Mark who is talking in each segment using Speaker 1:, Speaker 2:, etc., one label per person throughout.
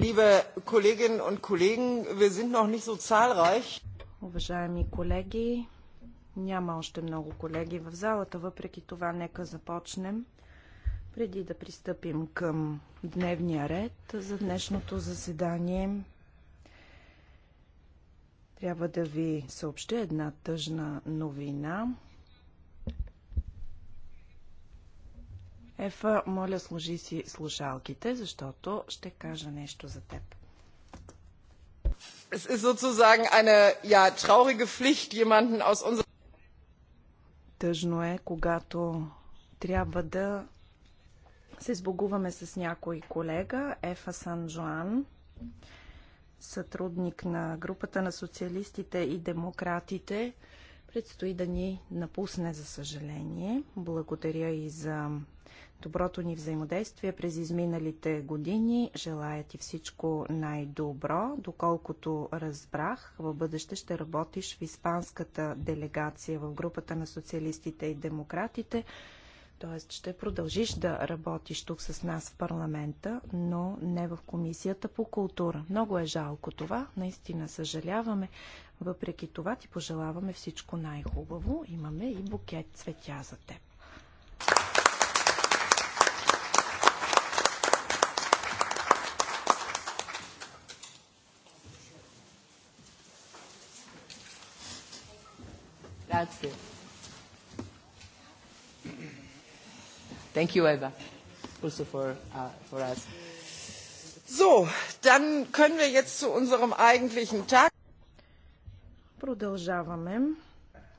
Speaker 1: liebe Kolleginnen und Kollegen, wir sind noch nicht so zahlreich. Уважаеми колеги, няма още много колеги в залата, въпреки това нека започнем. Преди да пристъпим към дневния ред за днешното заседание, трябва да ви съобщя една тъжна новина – Ефа, моля служи си слушалките, защото ще кажа нещо за теб.
Speaker 2: Es ist sozusagen eine ja, traurige Pflicht, jemanden aus unserer...
Speaker 1: Тъжно е, когато трябва да се сбогуваме с някой колега, Ефа Сан Жоан, сътрудник на групата на социалистите и демократите, предстои да ни напусне, за съжаление. Благодаря и за доброто ни взаимодействие през изминалите години. Желая ти всичко най-добро. Доколкото разбрах, в бъдеще ще работиш в испанската делегация в групата на социалистите и демократите. Тоест ще продължиш да работиш тук с нас в парламента, но не в комисията по култура. Много е жалко това, наистина съжаляваме. Въпреки това ти пожелаваме всичко най-хубаво. Имаме и букет цветя за теб.
Speaker 2: That's it. Thank you, Eva, also for, uh, for us.
Speaker 1: So, dann können wir jetzt zu unserem eigentlichen Tag. Продължаваме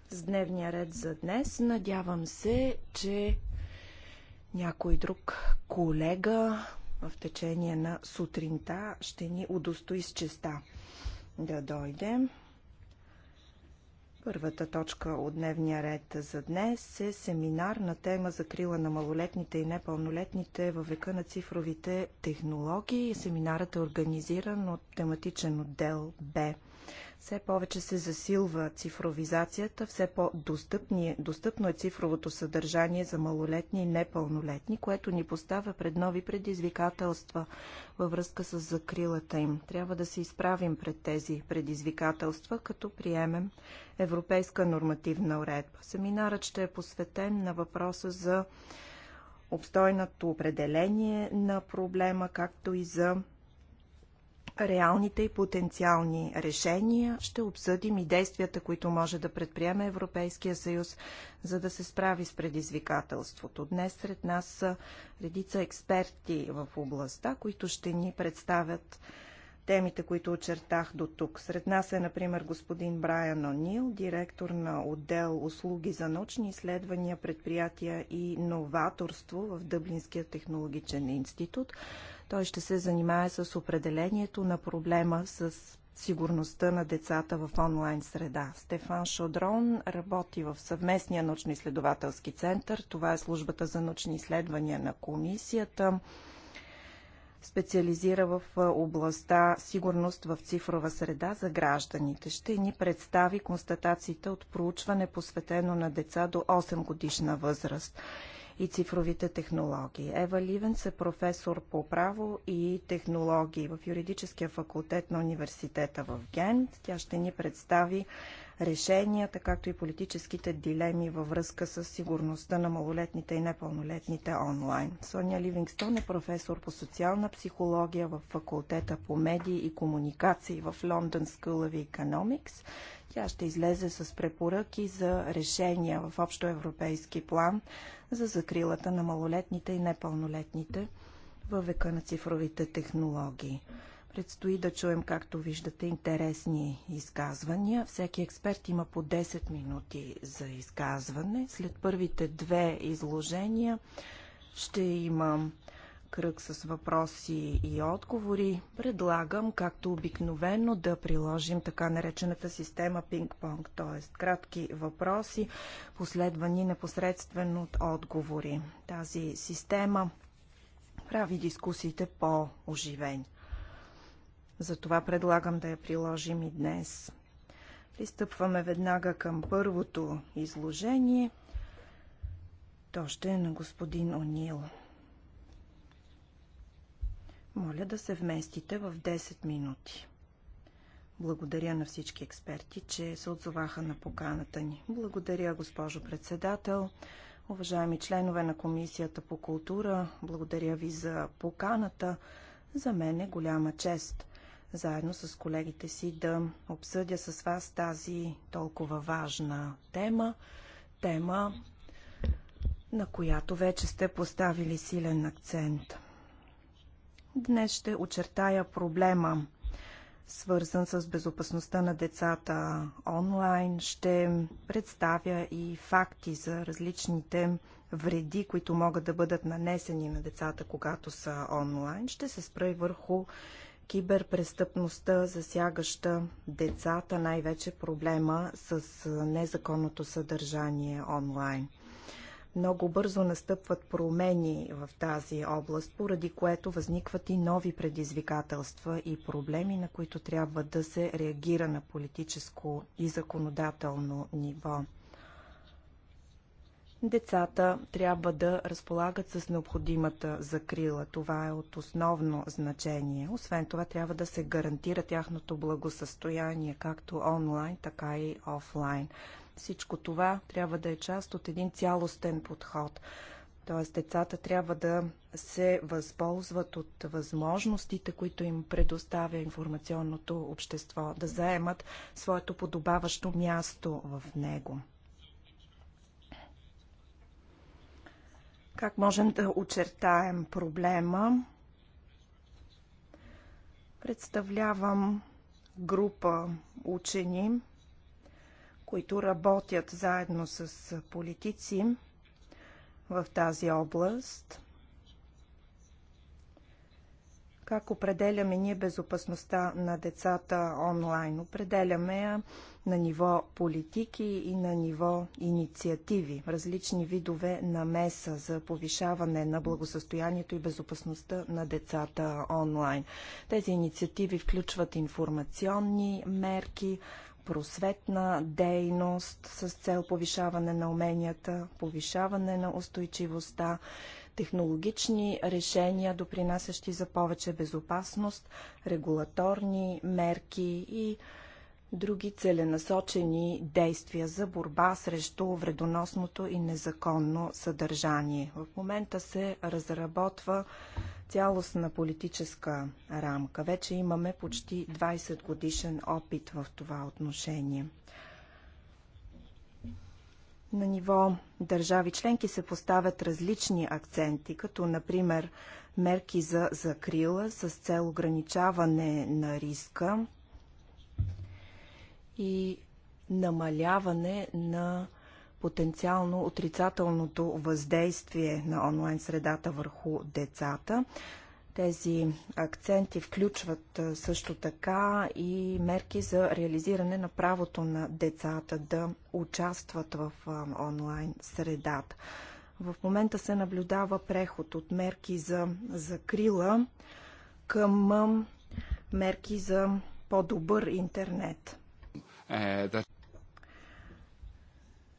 Speaker 1: с дневния ред за днес. Надявам се, че някой друг колега в течение на сутринта ще ни удостои с честа да дойдем. Първата точка от дневния ред за днес е семинар на тема за крила на малолетните и непълнолетните във века на цифровите технологии. Семинарът е организиран от тематичен отдел Б все повече се засилва цифровизацията, все по-достъпно е цифровото съдържание за малолетни и непълнолетни, което ни поставя пред нови предизвикателства във връзка с закрилата им. Трябва да се изправим пред тези предизвикателства, като приемем европейска нормативна уредба. Семинарът ще е посветен на въпроса за обстойното определение на проблема, както и за реалните и потенциални решения. Ще обсъдим и действията, които може да предприеме Европейския съюз, за да се справи с предизвикателството. Днес сред нас са редица експерти в областта, които ще ни представят темите, които очертах до тук. Сред нас е, например, господин Брайан Онил, директор на отдел услуги за научни изследвания, предприятия и новаторство в Дъблинския технологичен институт. Той ще се занимае с определението на проблема с сигурността на децата в онлайн среда. Стефан Шодрон работи в съвместния научно-изследователски център. Това е службата за научни изследвания на комисията. Специализира в областта сигурност в цифрова среда за гражданите. Ще ни представи констатациите от проучване посветено на деца до 8 годишна възраст и цифровите технологии. Ева Ливенс е професор по право и технологии в юридическия факултет на университета в Гент. Тя ще ни представи решенията, както и политическите дилеми във връзка с сигурността на малолетните и непълнолетните онлайн. Соня Ливингстон е професор по социална психология в факултета по медии и комуникации в London School of Economics. Тя ще излезе с препоръки за решения в общоевропейски план за закрилата на малолетните и непълнолетните във века на цифровите технологии. Предстои да чуем, както виждате, интересни изказвания. Всеки експерт има по 10 минути за изказване. След първите две изложения ще има кръг с въпроси и отговори. Предлагам, както обикновено, да приложим така наречената система пинг-понг, т.е. кратки въпроси, последвани непосредствено от отговори. Тази система прави дискусиите по-оживени. Затова предлагам да я приложим и днес. Пристъпваме веднага към първото изложение. То ще е на господин Онил. Моля да се вместите в 10 минути. Благодаря на всички експерти, че се отзоваха на поканата ни. Благодаря, госпожо председател. Уважаеми членове на Комисията по култура, благодаря ви за поканата. За мен е голяма чест заедно с колегите си да обсъдя с вас тази толкова важна тема. Тема, на която вече сте поставили силен акцент. Днес ще очертая проблема, свързан с безопасността на децата онлайн. Ще представя и факти за различните вреди, които могат да бъдат нанесени на децата, когато са онлайн. Ще се спра и върху киберпрестъпността, засягаща децата, най-вече проблема с незаконното съдържание онлайн. Много бързо настъпват промени в тази област, поради което възникват и нови предизвикателства и проблеми, на които трябва да се реагира на политическо и законодателно ниво. Децата трябва да разполагат с необходимата закрила. Това е от основно значение. Освен това, трябва да се гарантира тяхното благосъстояние, както онлайн, така и офлайн. Всичко това трябва да е част от един цялостен подход. Тоест, децата трябва да се възползват от възможностите, които им предоставя информационното общество, да заемат своето подобаващо място в него. Как можем да очертаем проблема? Представлявам група учени, които работят заедно с политици в тази област – как определяме ние безопасността на децата онлайн? Определяме я на ниво политики и на ниво инициативи, различни видове намеса за повишаване на благосъстоянието и безопасността на децата онлайн. Тези инициативи включват информационни мерки, просветна дейност с цел повишаване на уменията, повишаване на устойчивостта, технологични решения, допринасящи за повече безопасност, регулаторни мерки и други целенасочени действия за борба срещу вредоносното и незаконно съдържание. В момента се разработва цялостна политическа рамка. Вече имаме почти 20 годишен опит в това отношение. На ниво държави членки се поставят различни акценти, като например мерки за закрила с цел ограничаване на риска и намаляване на потенциално отрицателното въздействие на онлайн средата върху децата. Тези акценти включват също така и мерки за реализиране на правото на децата да участват в онлайн средата. В момента се наблюдава преход от мерки за закрила към мерки за по-добър интернет. Е,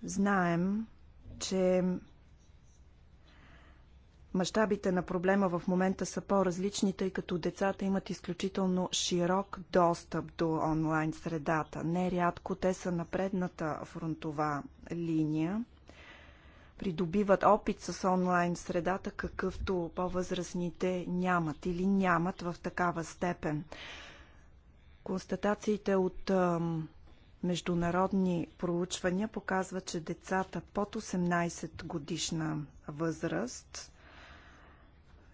Speaker 1: Знаем, че Мащабите на проблема в момента са по-различни, тъй като децата имат изключително широк достъп до онлайн средата. Нерядко те са на предната фронтова линия. Придобиват опит с онлайн средата, какъвто по-възрастните нямат или нямат в такава степен. Констатациите от международни проучвания показват, че децата под 18 годишна възраст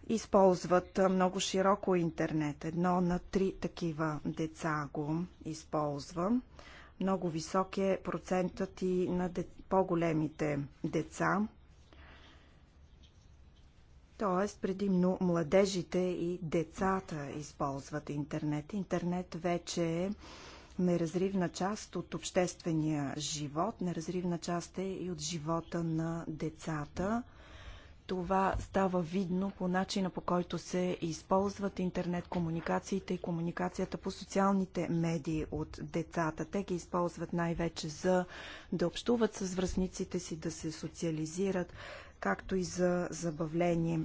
Speaker 1: използват много широко интернет. Едно на три такива деца го използва. Много висок е процентът и на по-големите деца. Тоест, предимно младежите и децата използват интернет. Интернет вече е неразривна част от обществения живот, неразривна част е и от живота на децата. Това става видно по начина по който се използват интернет комуникациите и комуникацията по социалните медии от децата. Те ги използват най-вече за да общуват с връзниците си, да се социализират, както и за забавление.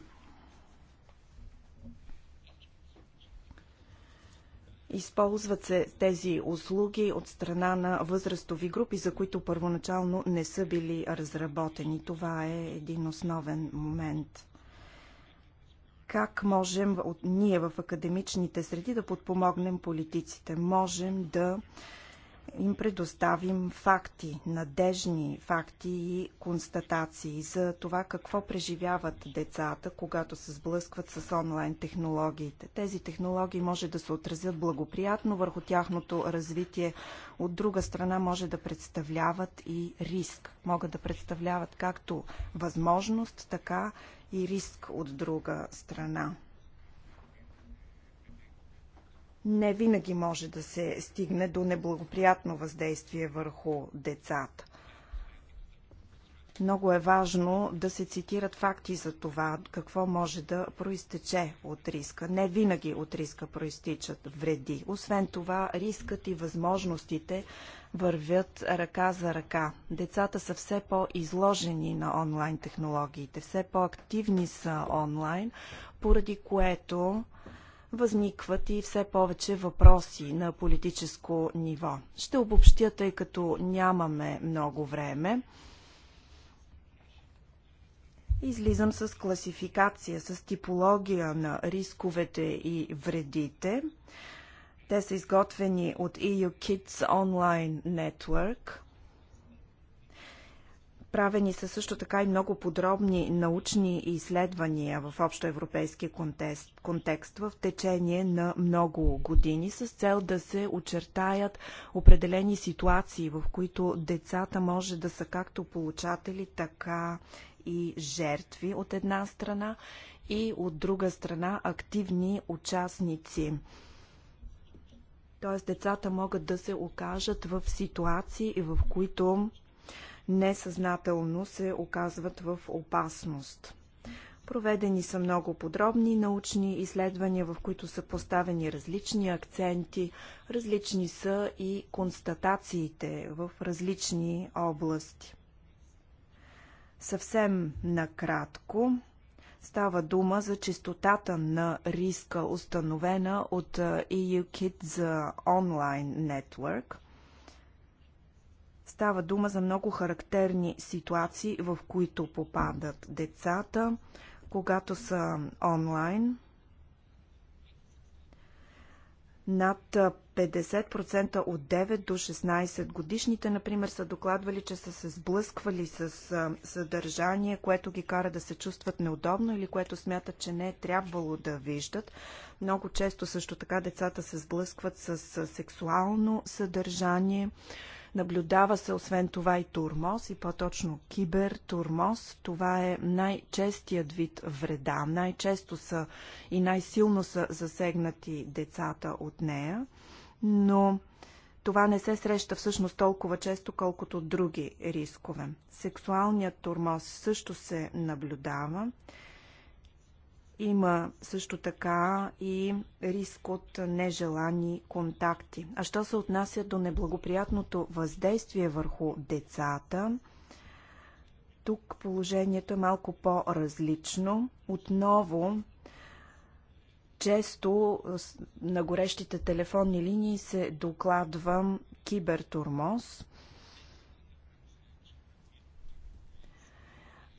Speaker 1: Използват се тези услуги от страна на възрастови групи, за които първоначално не са били разработени. Това е един основен момент. Как можем от ние в академичните среди да подпомогнем политиците? Можем да им предоставим факти, надежни факти и констатации за това какво преживяват децата, когато се сблъскват с онлайн технологиите. Тези технологии може да се отразят благоприятно върху тяхното развитие. От друга страна може да представляват и риск. Могат да представляват както възможност, така и риск от друга страна не винаги може да се стигне до неблагоприятно въздействие върху децата. Много е важно да се цитират факти за това, какво може да проистече от риска. Не винаги от риска проистичат вреди. Освен това, рискът и възможностите вървят ръка за ръка. Децата са все по-изложени на онлайн технологиите, все по-активни са онлайн, поради което възникват и все повече въпроси на политическо ниво. Ще обобщя, тъй като нямаме много време. Излизам с класификация, с типология на рисковете и вредите. Те са изготвени от EU Kids Online Network – Правени са също така и много подробни научни изследвания в общоевропейски контекст, контекст в течение на много години с цел да се очертаят определени ситуации, в които децата може да са както получатели, така и жертви от една страна и от друга страна активни участници. Тоест децата могат да се окажат в ситуации, в които несъзнателно се оказват в опасност. Проведени са много подробни научни изследвания, в които са поставени различни акценти, различни са и констатациите в различни области. Съвсем накратко става дума за чистотата на риска, установена от EU Kids Online Network – Става дума за много характерни ситуации, в които попадат децата, когато са онлайн. Над 50% от 9 до 16 годишните, например, са докладвали, че са се сблъсквали с съдържание, което ги кара да се чувстват неудобно или което смятат, че не е трябвало да виждат. Много често също така децата се сблъскват с сексуално съдържание. Наблюдава се освен това и турмоз, и по-точно кибертурмоз. Това е най-честият вид вреда. Най-често са и най-силно са засегнати децата от нея, но това не се среща всъщност толкова често, колкото други рискове. Сексуалният турмоз също се наблюдава. Има също така и риск от нежелани контакти. А що се отнася до неблагоприятното въздействие върху децата, тук положението е малко по-различно. Отново, често на горещите телефонни линии се докладва кибертурмоз.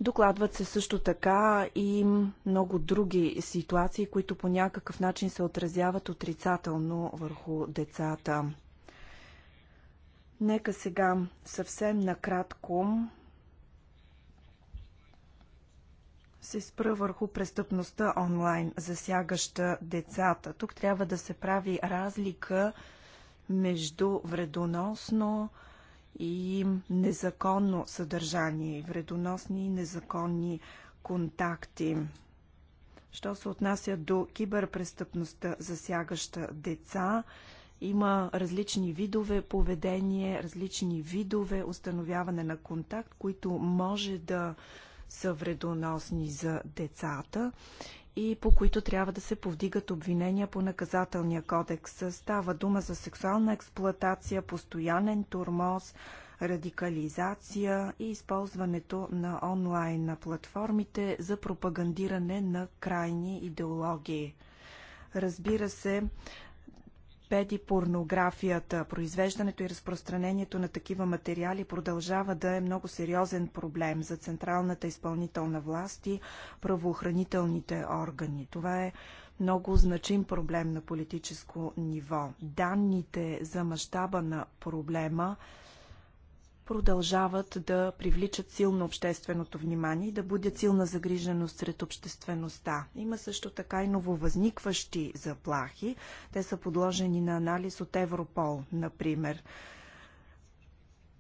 Speaker 1: Докладват се също така и много други ситуации, които по някакъв начин се отразяват отрицателно върху децата. Нека сега съвсем накратко се спра върху престъпността онлайн, засягаща децата. Тук трябва да се прави разлика между вредоносно, и незаконно съдържание, вредоносни и незаконни контакти. Що се отнася до киберпрестъпността, засягаща деца, има различни видове поведение, различни видове установяване на контакт, които може да са вредоносни за децата и по които трябва да се повдигат обвинения по наказателния кодекс. Става дума за сексуална експлоатация, постоянен турмоз, радикализация и използването на онлайн на платформите за пропагандиране на крайни идеологии. Разбира се, Пети, порнографията. Произвеждането и разпространението на такива материали продължава да е много сериозен проблем за централната изпълнителна власт и правоохранителните органи. Това е много значим проблем на политическо ниво. Данните за мащаба на проблема продължават да привличат силно общественото внимание и да будят силна загриженост сред обществеността. Има също така и нововъзникващи заплахи. Те са подложени на анализ от Европол, например.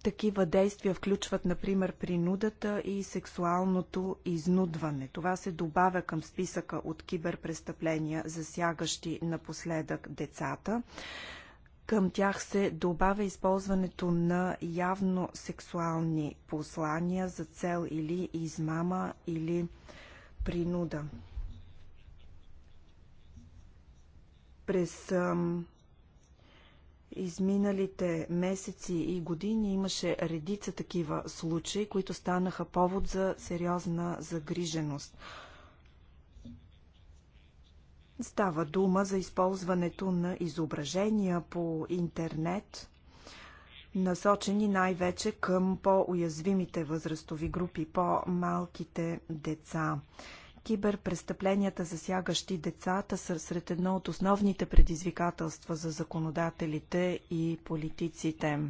Speaker 1: Такива действия включват, например, принудата и сексуалното изнудване. Това се добавя към списъка от киберпрестъпления, засягащи напоследък децата. Към тях се добавя използването на явно сексуални послания за цел или измама или принуда. През ам, изминалите месеци и години имаше редица такива случаи, които станаха повод за сериозна загриженост. Става дума за използването на изображения по интернет, насочени най-вече към по-уязвимите възрастови групи, по-малките деца. Киберпрестъпленията, засягащи децата, са сред едно от основните предизвикателства за законодателите и политиците.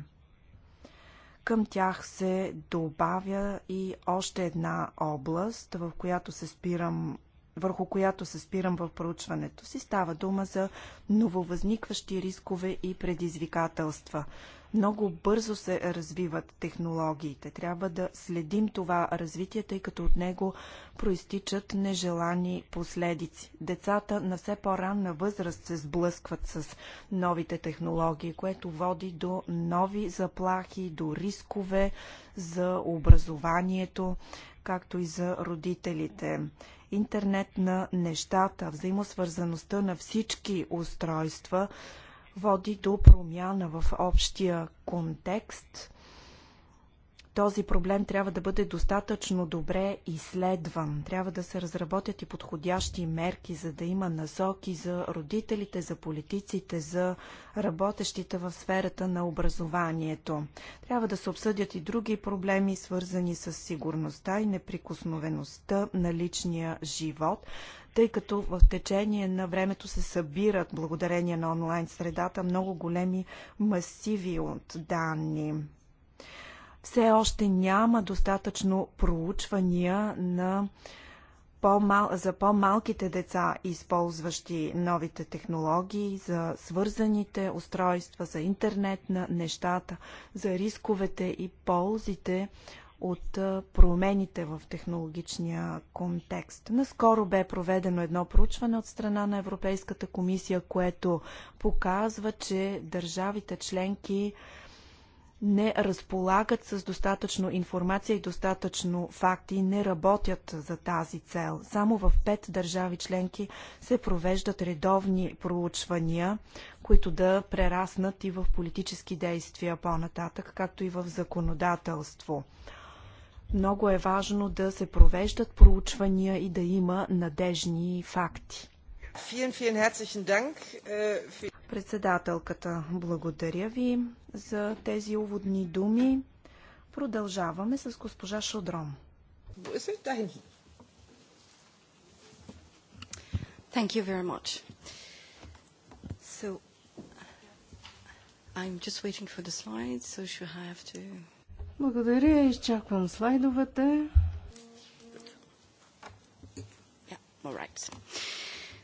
Speaker 1: Към тях се добавя и още една област, в която се спирам върху която се спирам в проучването си, става дума за нововъзникващи рискове и предизвикателства. Много бързо се развиват технологиите. Трябва да следим това развитие, тъй като от него проистичат нежелани последици. Децата на все по-ранна възраст се сблъскват с новите технологии, което води до нови заплахи, до рискове за образованието, както и за родителите интернет на нещата, взаимосвързаността на всички устройства води до промяна в общия контекст този проблем трябва да бъде достатъчно добре изследван. Трябва да се разработят и подходящи мерки, за да има насоки за родителите, за политиците, за работещите в сферата на образованието. Трябва да се обсъдят и други проблеми, свързани с сигурността и неприкосновеността на личния живот, тъй като в течение на времето се събират, благодарение на онлайн средата, много големи масиви от данни все още няма достатъчно проучвания на по-мал, за по-малките деца, използващи новите технологии, за свързаните устройства, за интернет на нещата, за рисковете и ползите от промените в технологичния контекст. Наскоро бе проведено едно проучване от страна на Европейската комисия, което показва, че държавите членки не разполагат с достатъчно информация и достатъчно факти и не работят за тази цел. Само в пет държави членки се провеждат редовни проучвания, които да прераснат и в политически действия по-нататък, както и в законодателство. Много е важно да се провеждат проучвания и да има надежни факти. Председателката, благодаря ви за тези уводни думи. Продължаваме с госпожа Шодром. Er Thank you very much. So, I'm just waiting for the slides, so she have to...
Speaker 2: Благодаря, изчаквам слайдовете. Yeah, all right.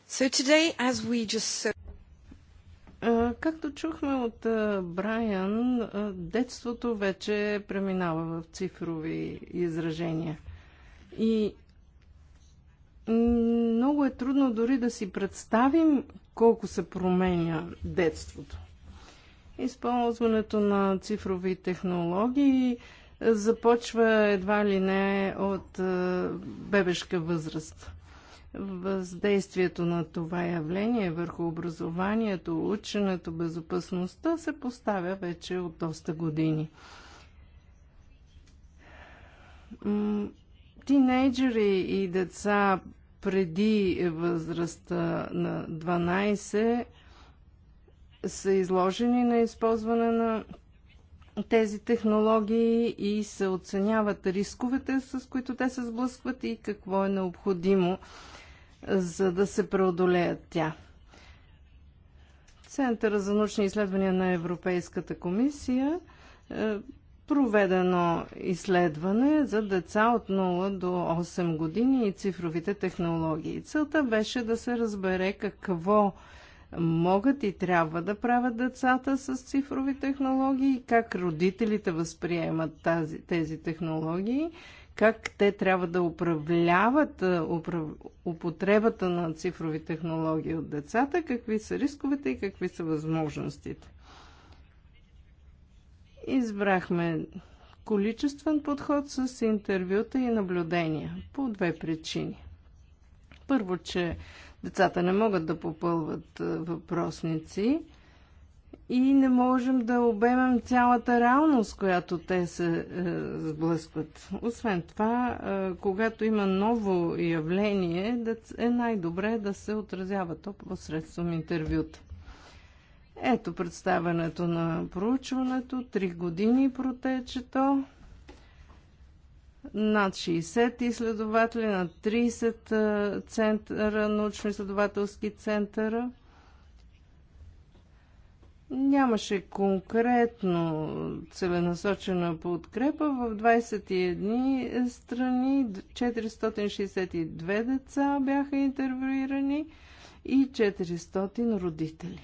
Speaker 2: So today, as we just... Както чухме от Брайан, детството вече преминава в цифрови изражения. И много е трудно дори да си представим колко се променя детството. Използването на цифрови технологии започва едва ли не от бебешка възраст. Въздействието на това явление върху образованието, ученето, безопасността се поставя вече от доста години. Тинейджери и деца преди възрастта на 12 са изложени на използване на тези технологии и се оценяват рисковете, с които те се сблъскват и какво е необходимо за да се преодолеят тя. Центъра за научни изследвания на Европейската комисия е, проведено изследване за деца от 0 до 8 години и цифровите технологии. Целта беше да се разбере какво могат и трябва да правят децата с цифрови технологии, как родителите възприемат тази, тези технологии как те трябва да управляват управ... употребата на цифрови технологии от децата, какви са рисковете и какви са възможностите. Избрахме количествен подход с интервюта и наблюдения по две причини. Първо, че децата не могат да попълват въпросници и не можем да обемем цялата реалност, която те се е, сблъскват. Освен това, е, когато има ново явление, е най-добре да се отразява то посредством интервюта. Ето представянето на проучването. Три години протече то. Над 60 изследователи над 30 е, центъра, научно-изследователски центъра – нямаше конкретно целенасочена подкрепа. В 21 страни 462 деца бяха интервюирани и 400 родители.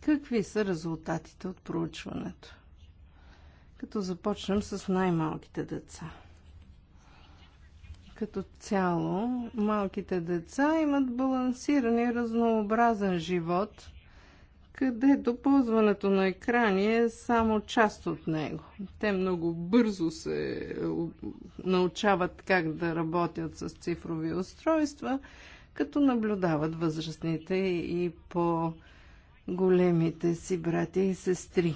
Speaker 2: Какви са резултатите от проучването? Като започнем с най-малките деца. Като цяло, малките деца имат балансиран и разнообразен живот – където е ползването на екрани е само част от него. Те много бързо се е, научават как да работят с цифрови устройства, като наблюдават възрастните и по големите си братя и сестри.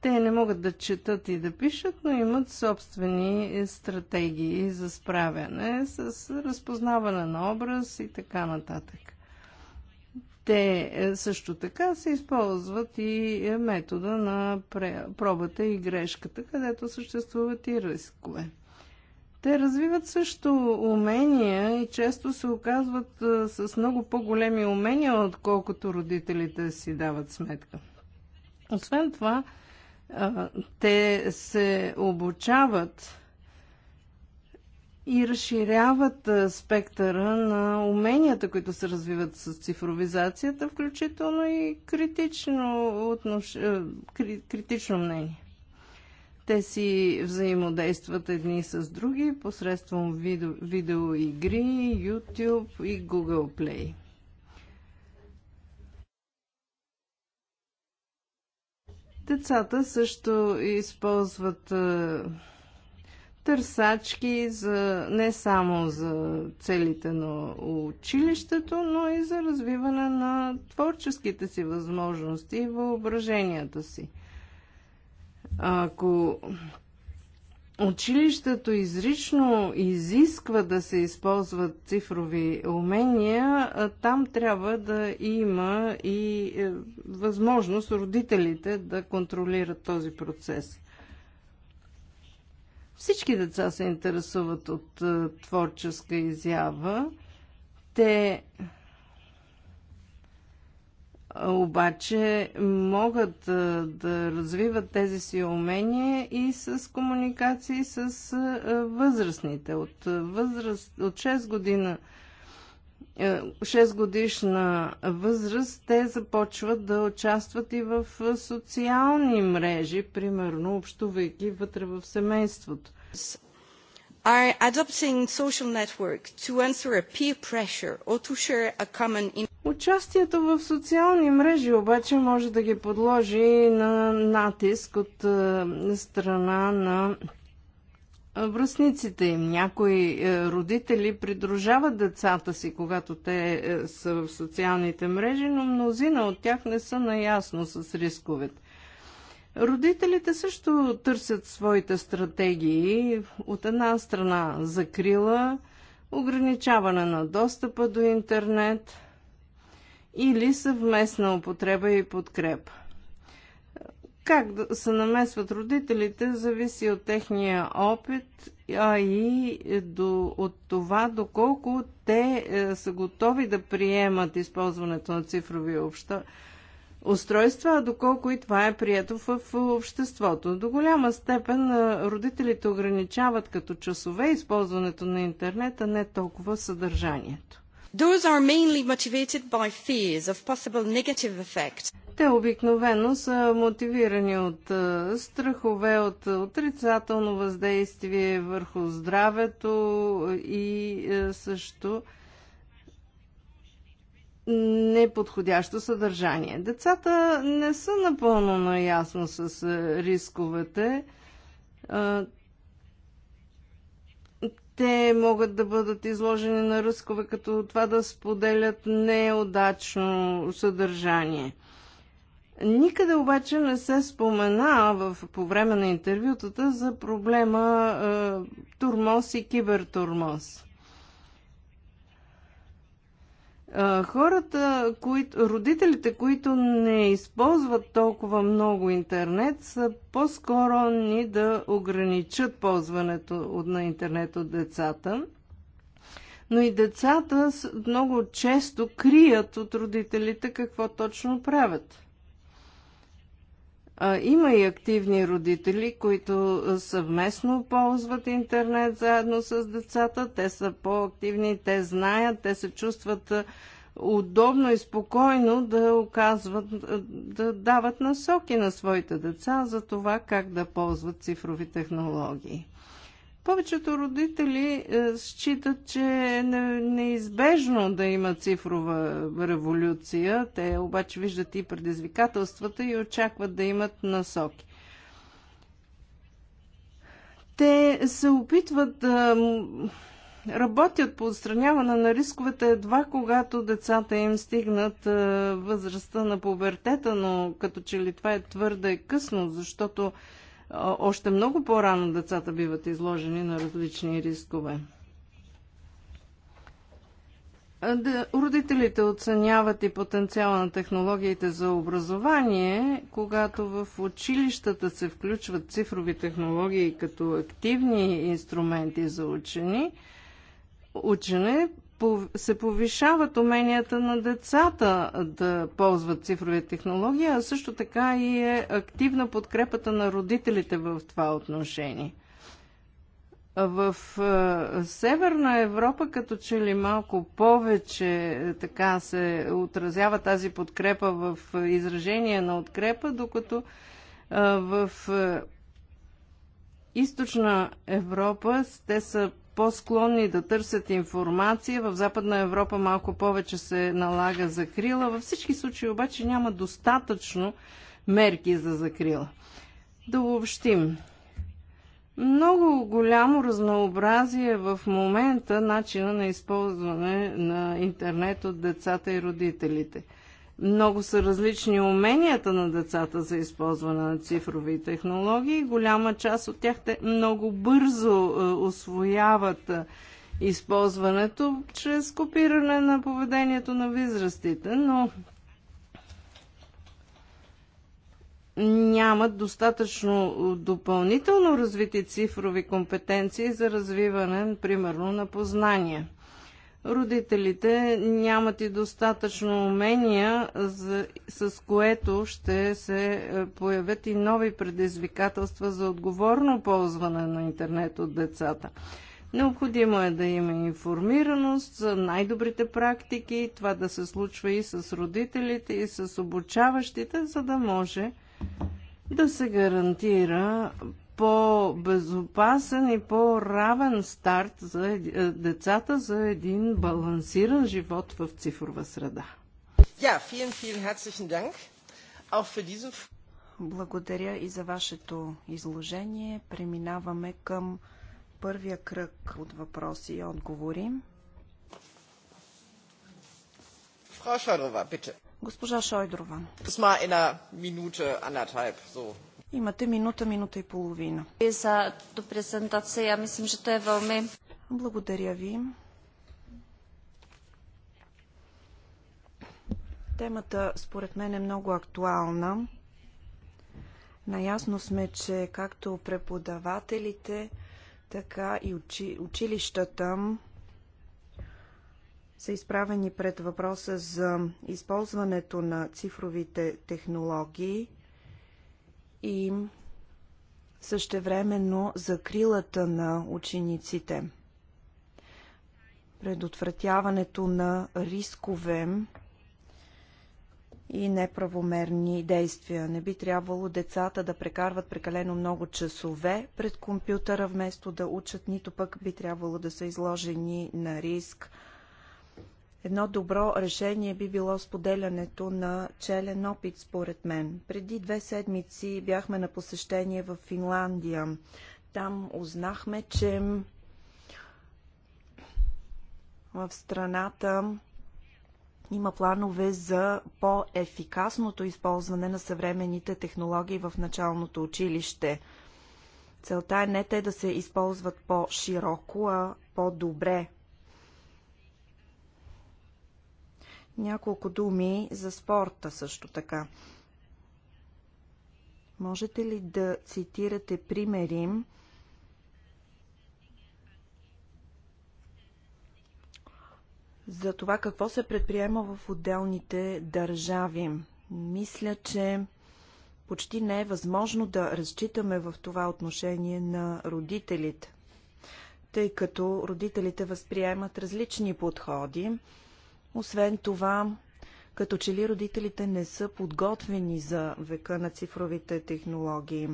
Speaker 2: Те не могат да четат и да пишат, но имат собствени стратегии за справяне с разпознаване на образ и така нататък. Те е, също така се използват и е, метода на пробата и грешката, където съществуват и рискове. Те развиват също умения и често се оказват е, с много по-големи умения, отколкото родителите си дават сметка. Освен това, те се обучават и разширяват спектъра на уменията, които се развиват с цифровизацията, включително и критично, отнош... критично мнение. Те си взаимодействат едни с други посредством видео... видеоигри, YouTube и Google Play. Децата също използват търсачки за, не само за целите на училището, но и за развиване на творческите си възможности и въображенията си. Ако училището изрично изисква да се използват цифрови умения, там трябва да има и е, възможност родителите да контролират този процес. Всички деца се интересуват от е, творческа изява. Те е, обаче могат е, да развиват тези си умения и с комуникации с възрастните. От, възраст, от 6 година 6 е, годишна възраст, те започват да участват и в е, социални мрежи, примерно общувайки вътре в семейството. Are adopting social network to answer a peer pressure or to share a common Участието в социални мрежи обаче може да ги подложи на натиск от е, страна на връзниците им. Някои е, родители придружават децата си, когато те е, са в социалните мрежи, но мнозина от тях не са наясно с рисковете. Родителите също търсят своите стратегии. От една страна закрила, ограничаване на достъпа до интернет или съвместна употреба и подкрепа. Как да се намесват родителите зависи от техния опит, а и до, от това доколко те е, са готови да приемат използването на цифрови обща, устройства, а доколко и това е прието в, в обществото. До голяма степен е, родителите ограничават като часове използването на интернет, а не толкова съдържанието. Those are mainly motivated by fears
Speaker 1: of possible negative effects.
Speaker 2: Те обикновено са мотивирани от е, страхове, от отрицателно въздействие върху здравето и е, също неподходящо съдържание. Децата не са напълно наясно с е, рисковете те могат да бъдат изложени на ръскове, като това да споделят неудачно съдържание. Никъде обаче не се спомена в, по време на интервютата за проблема е, турмоз и кибертурмоз. Хората, които, родителите, които не използват толкова много интернет, са по-скоро ни да ограничат ползването на интернет от децата. Но и децата много често крият от родителите какво точно правят. Има и активни родители, които съвместно ползват интернет заедно с децата. Те са по-активни, те знаят, те се чувстват удобно и спокойно да оказват, да дават насоки на своите деца за това как да ползват цифрови технологии. Повечето родители е, считат, че е неизбежно да има цифрова революция. Те обаче виждат и предизвикателствата и очакват да имат насоки. Те се опитват да работят по отстраняване на рисковете едва когато децата им стигнат е, възрастта на пубертета, но като че ли това е твърде късно, защото още много по-рано децата биват изложени на различни рискове. Родителите оценяват и потенциала на технологиите за образование, когато в училищата се включват цифрови технологии като активни инструменти за учени, учене, се повишават уменията на децата да ползват цифрови технологии, а също така и е активна подкрепата на родителите в това отношение. В е, Северна Европа като че ли малко повече е, така се отразява тази подкрепа в е, изражение на открепа, докато в Източна Европа те са по-склонни да търсят информация. В Западна Европа малко повече се налага закрила. Във всички случаи обаче няма достатъчно мерки за закрила. Да обобщим. Много голямо разнообразие в момента начина на използване на интернет от децата и родителите – много са различни уменията на децата за използване на цифрови технологии. Голяма част от тях те много бързо е, освояват е, използването чрез копиране на поведението на възрастите, но нямат достатъчно е, допълнително развити цифрови компетенции за развиване, примерно, на познания родителите нямат и достатъчно умения, за, с което ще се е, появят и нови предизвикателства за отговорно ползване на интернет от децата. Необходимо е да има информираност за най-добрите практики, това да се случва и с родителите, и с обучаващите, за да може да се гарантира по-безопасен и по-равен старт за е, децата за един балансиран живот в цифрова среда.
Speaker 1: Ja, vielen, vielen herzlichen Dank auch für Благодаря и за вашето изложение. Преминаваме към първия кръг от въпроси и отговори.
Speaker 2: Frau Schойдрова, bitte. Госпожа Шойдрова. Das in einer Minute, anderthalb, so
Speaker 1: Имате минута, минута и половина. И за презентация, я мислим, че то е вълми. Благодаря ви. Темата според мен е много актуална. Наясно сме, че както преподавателите, така и учи, училищата са изправени пред въпроса за използването на цифровите технологии и същевременно закрилата на учениците, предотвратяването на рискове и неправомерни действия. Не би трябвало децата да прекарват прекалено много часове пред компютъра, вместо да учат, нито пък би трябвало да са изложени на риск – Едно добро решение би било споделянето на челен опит, според мен. Преди две седмици бяхме на посещение в Финландия. Там узнахме, че в страната има планове за по-ефикасното използване на съвременните технологии в началното училище. Целта е не те да се използват по-широко, а по-добре Няколко думи за спорта също така. Можете ли да цитирате примери, за това какво се предприема в отделните държави. Мисля, че почти не е възможно да разчитаме в това отношение на родителите, тъй като родителите възприемат различни подходи. Освен това, като че ли родителите не са подготвени за века на цифровите технологии.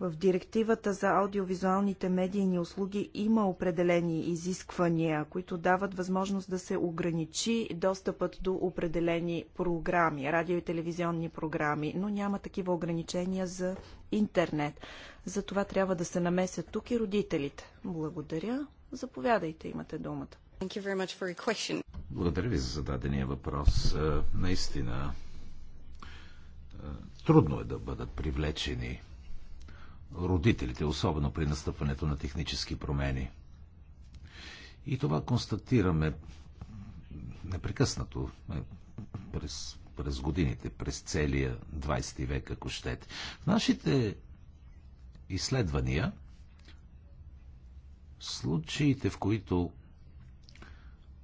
Speaker 1: В директивата за аудиовизуалните медийни услуги има определени изисквания, които дават възможност да се ограничи достъпът до определени програми, радио и телевизионни програми, но няма такива ограничения за интернет. За това трябва да се намесят тук и родителите. Благодаря. Заповядайте, имате думата.
Speaker 3: Благодаря ви за зададения въпрос. Е, наистина, е, трудно е да бъдат привлечени родителите, особено при настъпването на технически промени. И това констатираме непрекъснато е, през, през годините, през целия 20 век, ако щете. В нашите изследвания Случаите, в които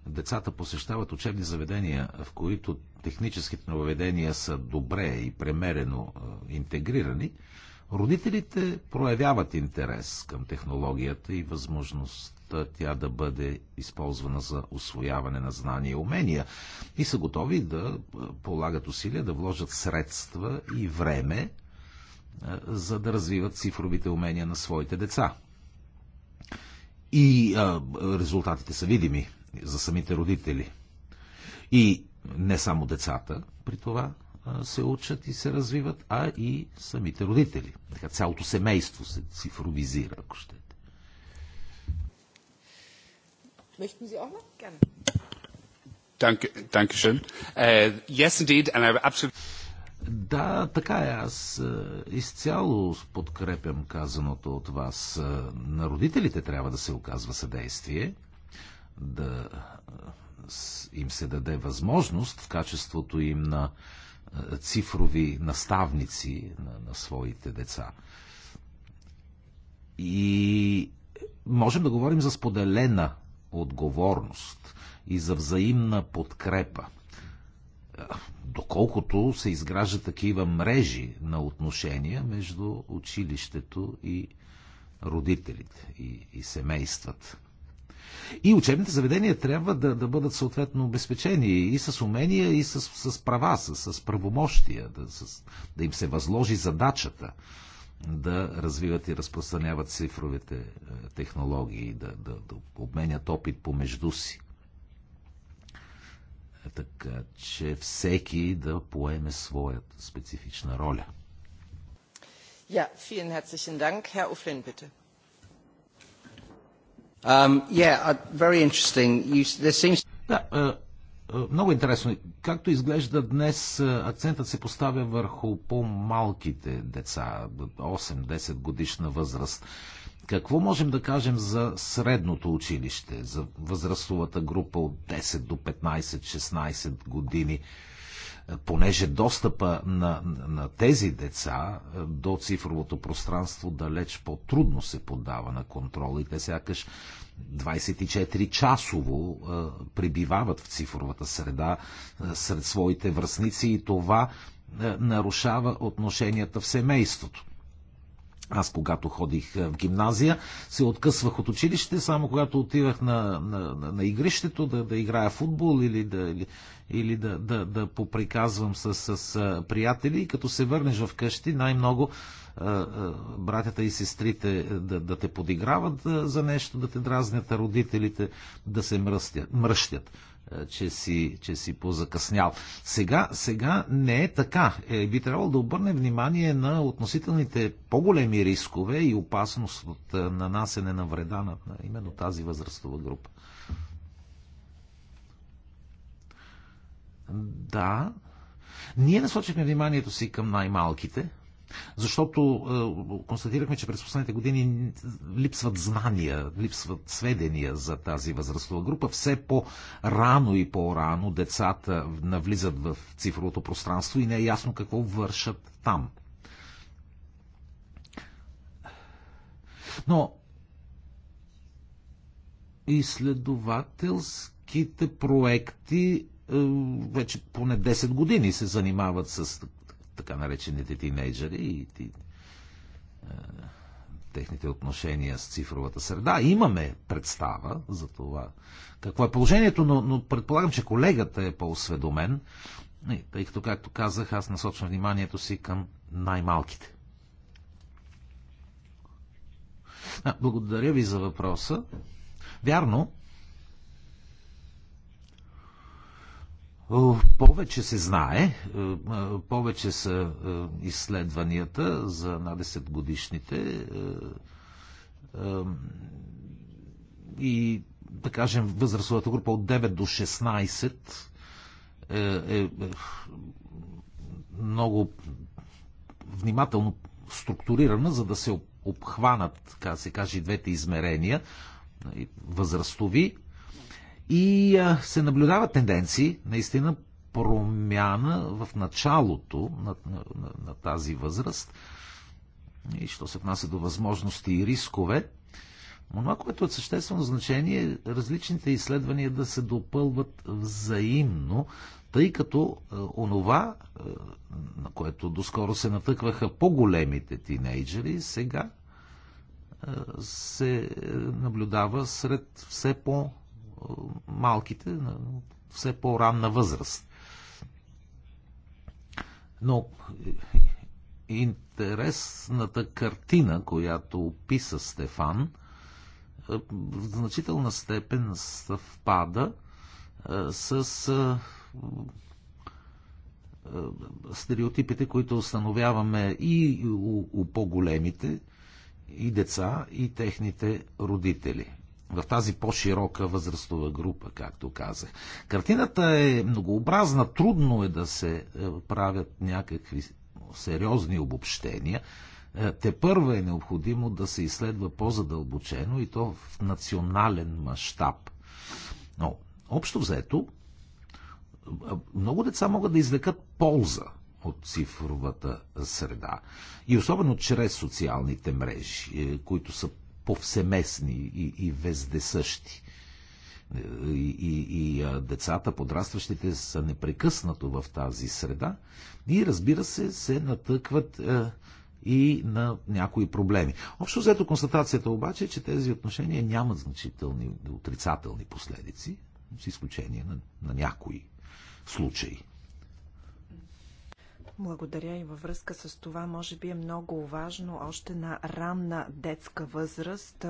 Speaker 3: децата посещават учебни заведения, в които техническите нововедения са добре и премерено е, интегрирани, родителите проявяват интерес към технологията и възможността тя да бъде използвана за освояване на знания и умения и са готови да е, полагат усилия, да вложат средства и време, е, за да развиват цифровите умения на своите деца. И а, резултатите са видими за самите родители. И не само децата при това а, се учат и се развиват, а и самите родители. Така, цялото семейство се цифровизира, ако ще.
Speaker 2: Möchten Sie auch noch? Gerne. Danke, danke schön. Uh, yes, indeed, and I absolutely. Да,
Speaker 3: така е. Аз е, изцяло подкрепям казаното от вас. Е, на родителите трябва да се оказва съдействие, да е, им се даде възможност в качеството им на цифрови наставници на, на своите деца. И можем да говорим за споделена отговорност и за взаимна подкрепа – доколкото се изгражда такива мрежи на отношения между училището и родителите и, и семействата. И учебните заведения трябва да, да бъдат съответно обезпечени и с умения, и с, с права, с, с правомощия, да, с, да им се възложи задачата да развиват и разпространяват цифровите е, технологии, да, да, да обменят опит помежду си така че всеки да поеме своята специфична
Speaker 2: роля. Ja, vielen herzlichen Dank. Herr Uflin, bitte. Um, yeah, uh, very interesting. You, there seems... Да, uh,
Speaker 3: много интересно. Както изглежда днес, е, акцентът се поставя върху по-малките деца, 8-10 годишна възраст. Какво можем да кажем за средното училище, за възрастовата група от 10 до 15-16 години? понеже достъпа на, на тези деца е, до цифровото пространство далеч по-трудно се поддава на контрол и те сякаш 24 часово е, прибивават в цифровата среда е, сред своите връзници и това нарушава отношенията в семейството. Аз, когато ходих е, в гимназия, се откъсвах от училище, само когато отивах на, на, на, на игрището да, да играя футбол или да, или, или да, да, да поприказвам с, с, с е, приятели. И като се върнеш в къщи, най-много е, братята и сестрите да, да те подиграват за нещо, да те дразнят, а родителите да се мръстят, мръщят. Е, че си, че си позакъснял. Сега, сега не е така. Е, би трябвало да обърне внимание на относителните по-големи рискове и опасност от е, нанасене на вреда на именно тази възрастова група. Да. Ние насочихме вниманието си към най-малките, защото е, констатирахме, че през последните години липсват знания, липсват сведения за тази възрастова група. Все по-рано и по-рано децата навлизат в цифровото пространство и не е ясно какво вършат там. Но изследователските проекти е, вече поне 10 години се занимават с така наречените тинейджери и, ти, е, техните отношения с цифровата среда. Имаме представа за това какво е положението, но, но предполагам, че колегата е по-осведомен, тъй като, както казах, аз насочвам вниманието си към най-малките. А, благодаря ви за въпроса. Вярно, Е, повече се знае, е, е, повече са изследванията за над 10 годишните и да кажем възрастовата група от 9 до 16 е много внимателно структурирана, за да се обхванат, така се каже, двете измерения нали, възрастови и а, се наблюдава тенденции, наистина промяна в началото на, на, на, на тази възраст. И що се отнася до възможности и рискове, но това, което е от съществено значение, е различните изследвания да се допълват взаимно, тъй като е, онова, е, на което доскоро се натъкваха по-големите тинейджери, сега е, се наблюдава сред все по- малките на все по-ранна възраст. Но е, интересната картина, която описа Стефан, е, в значителна степен съвпада е, с стереотипите, които установяваме и у, по-големите, и деца, и техните родители в тази по-широка възрастова група, както казах. Картината е многообразна, трудно е да се е, правят някакви сериозни обобщения. Е, те първа е необходимо да се изследва по-задълбочено и то в национален мащаб. Но, общо взето, много деца могат да извлекат полза от цифровата среда. И особено чрез социалните мрежи, е, които са повсеместни и, и вездесъщи. И, и, и децата, подрастващите са непрекъснато в тази среда и разбира се, се натъкват е, и на някои проблеми. Общо взето констатацията обаче е, че тези отношения нямат значителни отрицателни последици, с изключение на, на някои случаи.
Speaker 1: Благодаря и във връзка с това, може би е много важно още на ранна детска възраст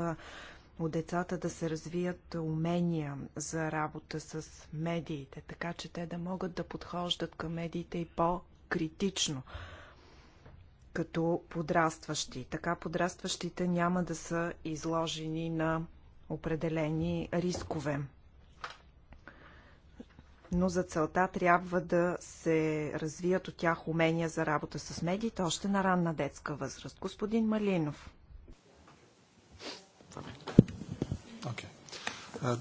Speaker 1: у децата да се развият умения за работа с медиите, така че те да могат да подхождат към медиите и по-критично като подрастващи. Така подрастващите няма да са изложени на определени рискове но за целта трябва да се развият от тях умения за работа с медиите още на ранна детска възраст. Господин Малинов.
Speaker 3: Okay. Uh,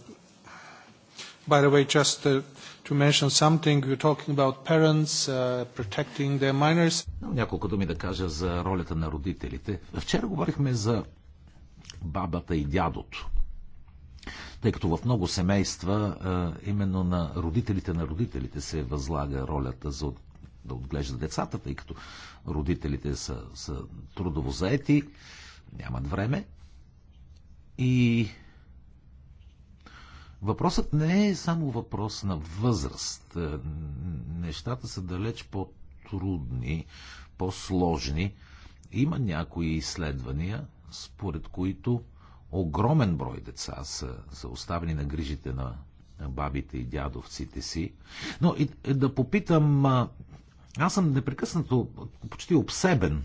Speaker 3: by the way, just uh, to mention something, you're talking about parents uh, protecting their minors. Няколко думи да кажа за ролята на родителите. Вчера говорихме за бабата и дядото тъй като в много семейства именно на родителите на родителите се възлага ролята за да отглежда децата, тъй като родителите са, са трудово заети, нямат време. И въпросът не е само въпрос на възраст. Нещата са далеч по-трудни, по-сложни. Има някои изследвания, според които огромен брой деца са заоставени на грижите на бабите и дядовците си. Но и, и да попитам, аз съм непрекъснато почти обсебен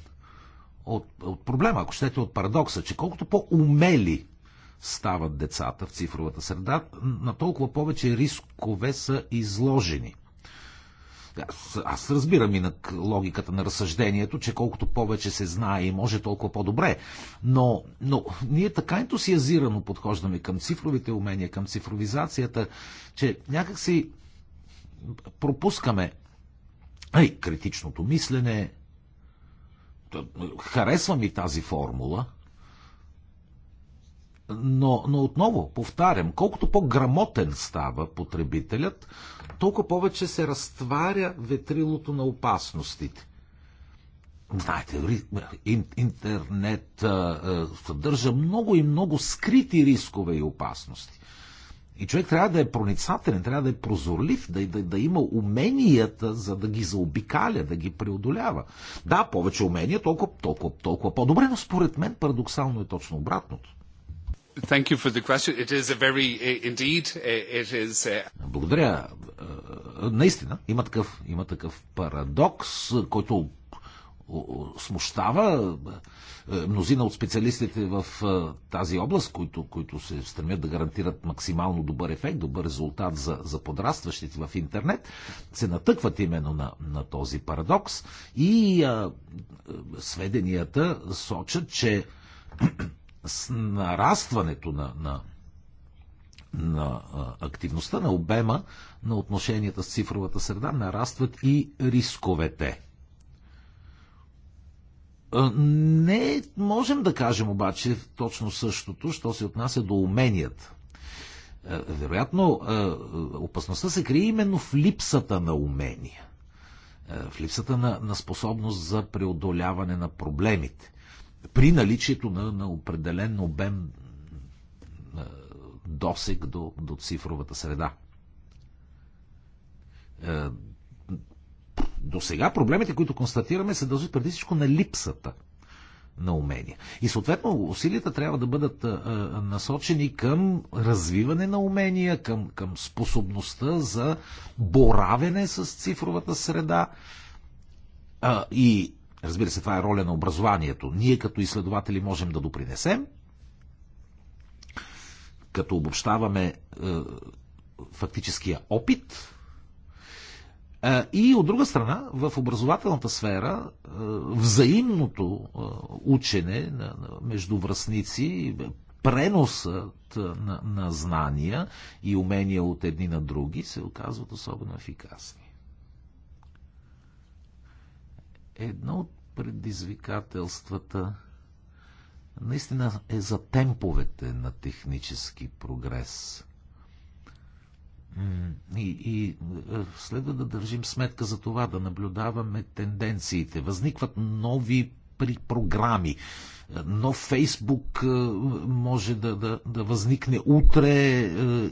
Speaker 3: от, от проблема, ако щете от парадокса, че колкото по-умели стават децата в цифровата среда, на толкова повече рискове са изложени – аз, аз разбирам на логиката на разсъждението, че колкото повече се знае и може, толкова по-добре. Но, но ние така ентусиазирано подхождаме към цифровите умения, към цифровизацията, че някакси пропускаме ай, критичното мислене. Харесва ми тази формула – но, но отново, повтарям, колкото по-грамотен става потребителят, толкова повече се разтваря ветрилото на опасностите. Знаете, интернет съдържа много и много скрити рискове и опасности. И човек трябва да е проницателен, трябва да е прозорлив, да, да, да има уменията, за да ги заобикаля, да ги преодолява. Да, повече умения, толкова, толкова, толкова по-добре, но според мен парадоксално е точно обратното.
Speaker 1: Thank you for the question. It is a very, eh, indeed, eh, it is a... Eh,
Speaker 3: Благодаря. Е, наистина, има такъв, има такъв парадокс, който смущава е, мнозина от специалистите в е, тази област, които, които се стремят да гарантират максимално добър ефект, добър резултат за, за подрастващите в интернет, се натъкват именно на, на този парадокс и а, сведенията сочат, че с нарастването на, на, на активността, на обема на отношенията с цифровата среда, нарастват и рисковете. Не можем да кажем обаче точно същото, що се отнася до уменията. Вероятно, опасността се крие именно в липсата на умения, в липсата на, на способност за преодоляване на проблемите при наличието на, на определен обем досег до, до цифровата среда. До сега проблемите, които констатираме, се дължат преди всичко на липсата на умения. И съответно усилията трябва да бъдат а, насочени към развиване на умения, към, към способността за боравене с цифровата среда а, и Разбира се, това е роля на образованието. Ние като изследователи можем да допринесем, като обобщаваме е, фактическия опит. Е, и от друга страна, в образователната сфера е, взаимното учене между връзници, преносът на, на знания и умения от едни на други се оказват особено ефикасни. Едно от предизвикателствата наистина е за темповете на технически прогрес. И, и е, следва да държим сметка за това, да наблюдаваме тенденциите. Възникват нови при програми. Е, но Фейсбук е, може да, да, да възникне утре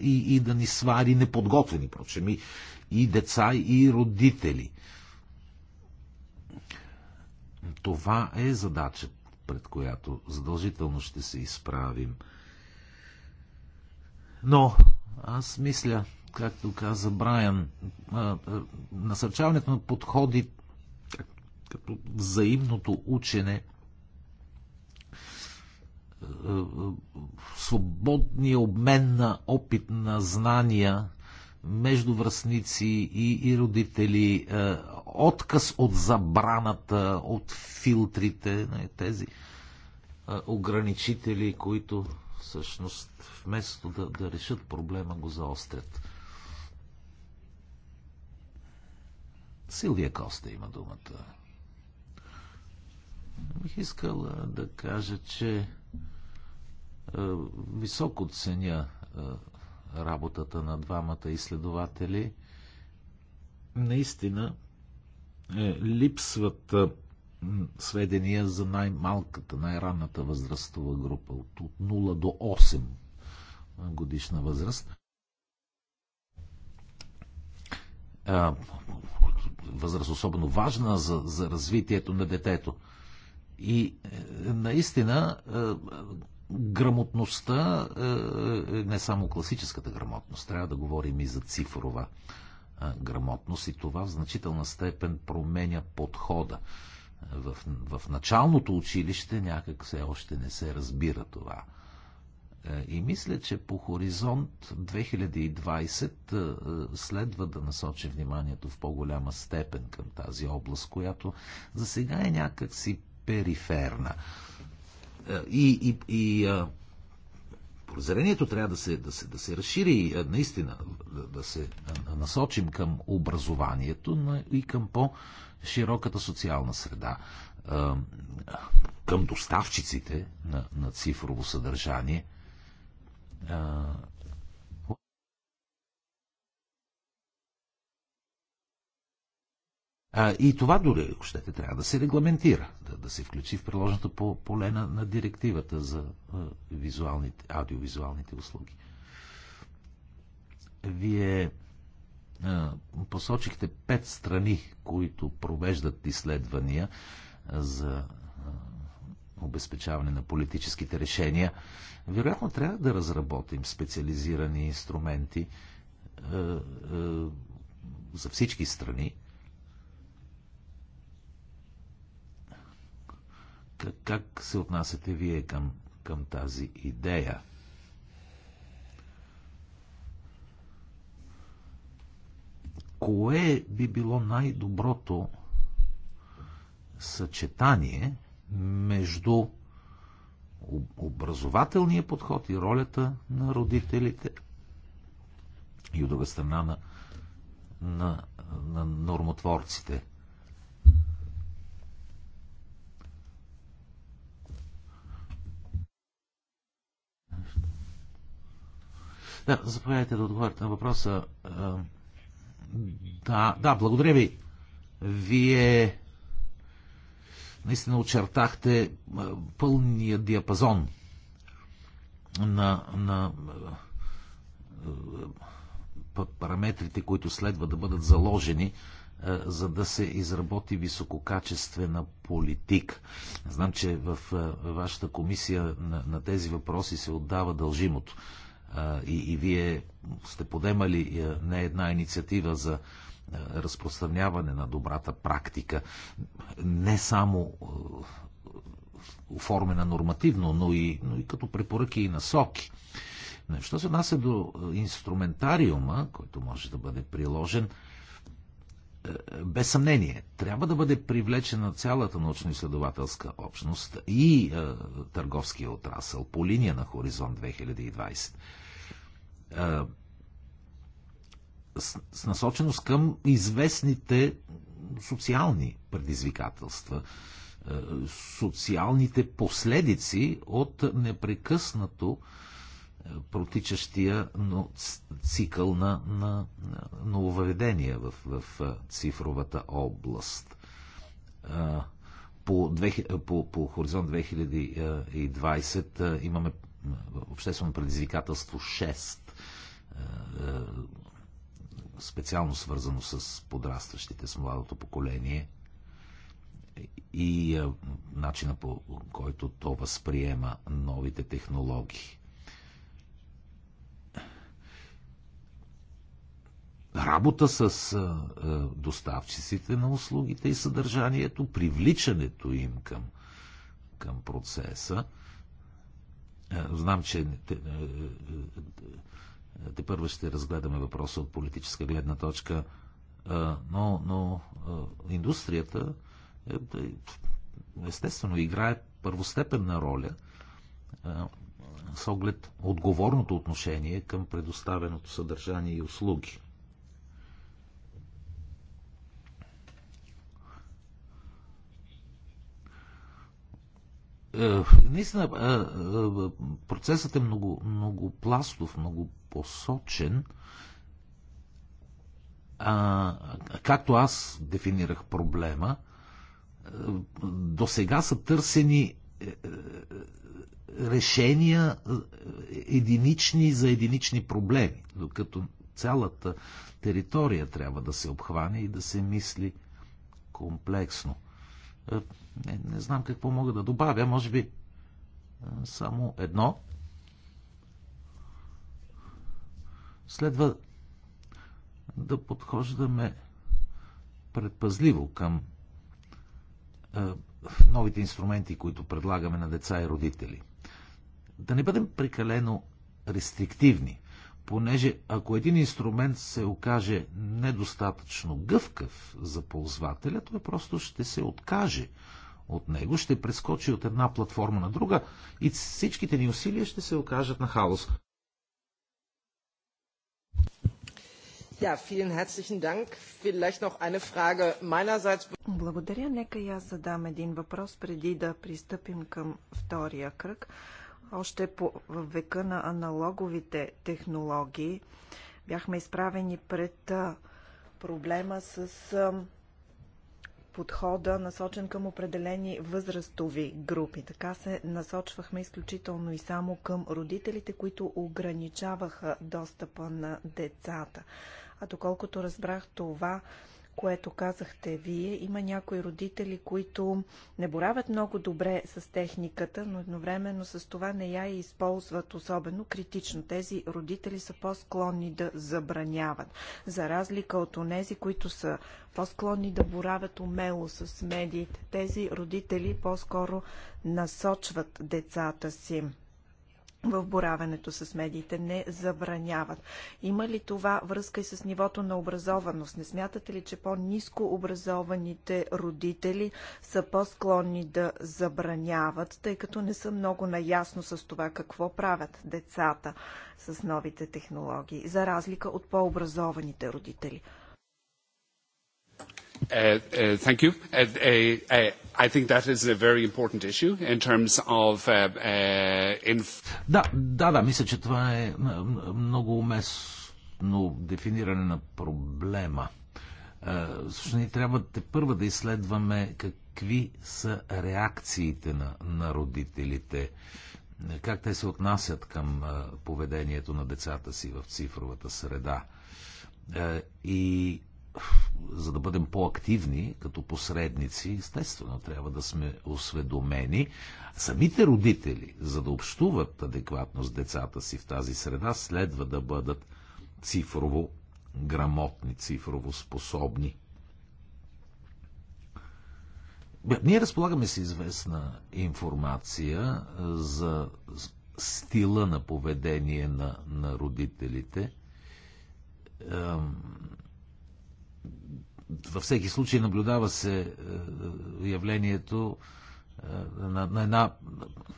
Speaker 3: и, и да ни свари неподготвени, прочем, и, и деца, и родители. Това е задача, пред която задължително ще се изправим. Но аз мисля, както каза Брайан, насърчаването на подходи като взаимното учене, свободния обмен на опит на знания между връзници и, и родители, е, отказ от забраната, от филтрите, тези е, ограничители, които всъщност вместо да, да решат проблема, го заострят. Силвия Коста има думата. Бих искала е, да кажа, че високо ценя работата на двамата изследователи. Наистина е, липсват е, сведения за най-малката, най-ранната възрастова група от 0 до 8 годишна възраст. Възраст особено важна за, за развитието на детето. И е, наистина е, грамотността, е, е, е, не само класическата грамотност, трябва да говорим и за цифрова грамотност и това в значителна степен променя подхода. В, в началното училище някак все още не се разбира това. И мисля, че по хоризонт 2020 следва да насочи вниманието в по-голяма степен към тази област, която за сега е някакси периферна. Е, и, и, и прозрението трябва да се, да се, да се разшири е, наистина, да, да се насочим към образованието но и към по-широката социална среда, е, към доставчиците на, на цифрово съдържание – А, и това дори, ако щете, трябва да се регламентира, да, да се включи в приложната по поле на, на директивата за а, визуалните, аудиовизуалните услуги. Вие а, посочихте пет страни, които провеждат изследвания за обезпечаване на политическите решения. Вероятно трябва да разработим специализирани инструменти е, е, за всички страни, Как се отнасяте вие към, към тази идея? Кое би било най-доброто съчетание между образователния подход и ролята на родителите и от друга страна на, на, на нормотворците – Да, заповядайте да отговорите на въпроса. Е, да, да, благодаря ви. Вие наистина очертахте е, пълния диапазон на, на е, параметрите, които следва да бъдат заложени, за да се изработи висококачествена политика. Знам, че в вашата комисия на, на тези въпроси се отдава дължимото и, и вие сте подемали е, не една инициатива за е, разпространяване на добрата практика, не само е, оформена нормативно, но и, но и като препоръки и насоки. Що се отнася до инструментариума, който може да бъде приложен, без съмнение, трябва да бъде привлечена цялата научно-изследователска общност и е, търговския отрасъл по линия на Хоризонт 2020 с, с насоченост към известните социални предизвикателства, социалните последици от непрекъснато протичащия цикъл на, на нововведения в, в цифровата област. По, 2, по, по Хоризонт 2020 имаме обществено предизвикателство 6 е, специално свързано с подрастващите, с младото поколение и е, начина по който то възприема новите технологии. Работа с е, доставчиците на услугите и съдържанието, привличането им към, към процеса. Знам, че те първо ще разгледаме въпроса от политическа гледна точка, но, но индустрията е, естествено играе първостепенна роля с оглед отговорното отношение към предоставеното съдържание и услуги. Е, наистина е, процесът е много, много пластов, много посочен, а, както аз дефинирах проблема, е, до сега са търсени е, е, решения единични за единични проблеми, докато цялата територия трябва да се обхване и да се мисли комплексно. Не, не знам какво мога да добавя, може би само едно. Следва да подхождаме предпазливо към е, новите инструменти, които предлагаме на деца и родители. Да не бъдем прекалено рестриктивни, понеже ако един инструмент се окаже недостатъчно гъвкав за ползвателя, той просто ще се откаже от него, ще прескочи от една платформа на друга и всичките ни усилия ще се окажат на хаос.
Speaker 1: Ja, vielen herzlichen Dank. Vielleicht noch eine Frage meinerseits. Благодаря. Нека я аз задам един въпрос преди да пристъпим към втория кръг. Още по, века на аналоговите технологии бяхме изправени пред проблема с подхода, насочен към определени възрастови групи. Така се насочвахме изключително и само към родителите, които ограничаваха достъпа на децата. А доколкото разбрах това, което казахте вие, има някои родители, които не боравят много добре с техниката, но едновременно с това не я и използват особено критично. Тези родители са по-склонни да забраняват, за разлика от онези, които са по-склонни да боравят умело с медиите. Тези родители по-скоро насочват децата си в боравенето с медиите не забраняват. Има ли това връзка и с нивото на образованост? Не смятате ли, че по-низко образованите родители са по-склонни да забраняват, тъй като не са много наясно с това какво правят децата с новите технологии, за разлика от по-образованите родители?
Speaker 2: Uh, uh, thank you. Uh, I think that is a very important issue in terms of... Да,
Speaker 3: да, да, мисля, че това е много уместно дефиниране на проблема. Е, Също ни трябва те първа да изследваме какви са реакциите на, на родителите, как те се отнасят към е, поведението на децата си в цифровата среда. Е, и за да бъдем по-активни като посредници, естествено трябва да сме осведомени. Самите родители, за да общуват адекватно с децата си в тази среда, следва да бъдат цифрово грамотни, цифрово способни. Ние разполагаме с известна информация за стила на поведение на, на родителите във всеки случай наблюдава се е, явлението е, на, на една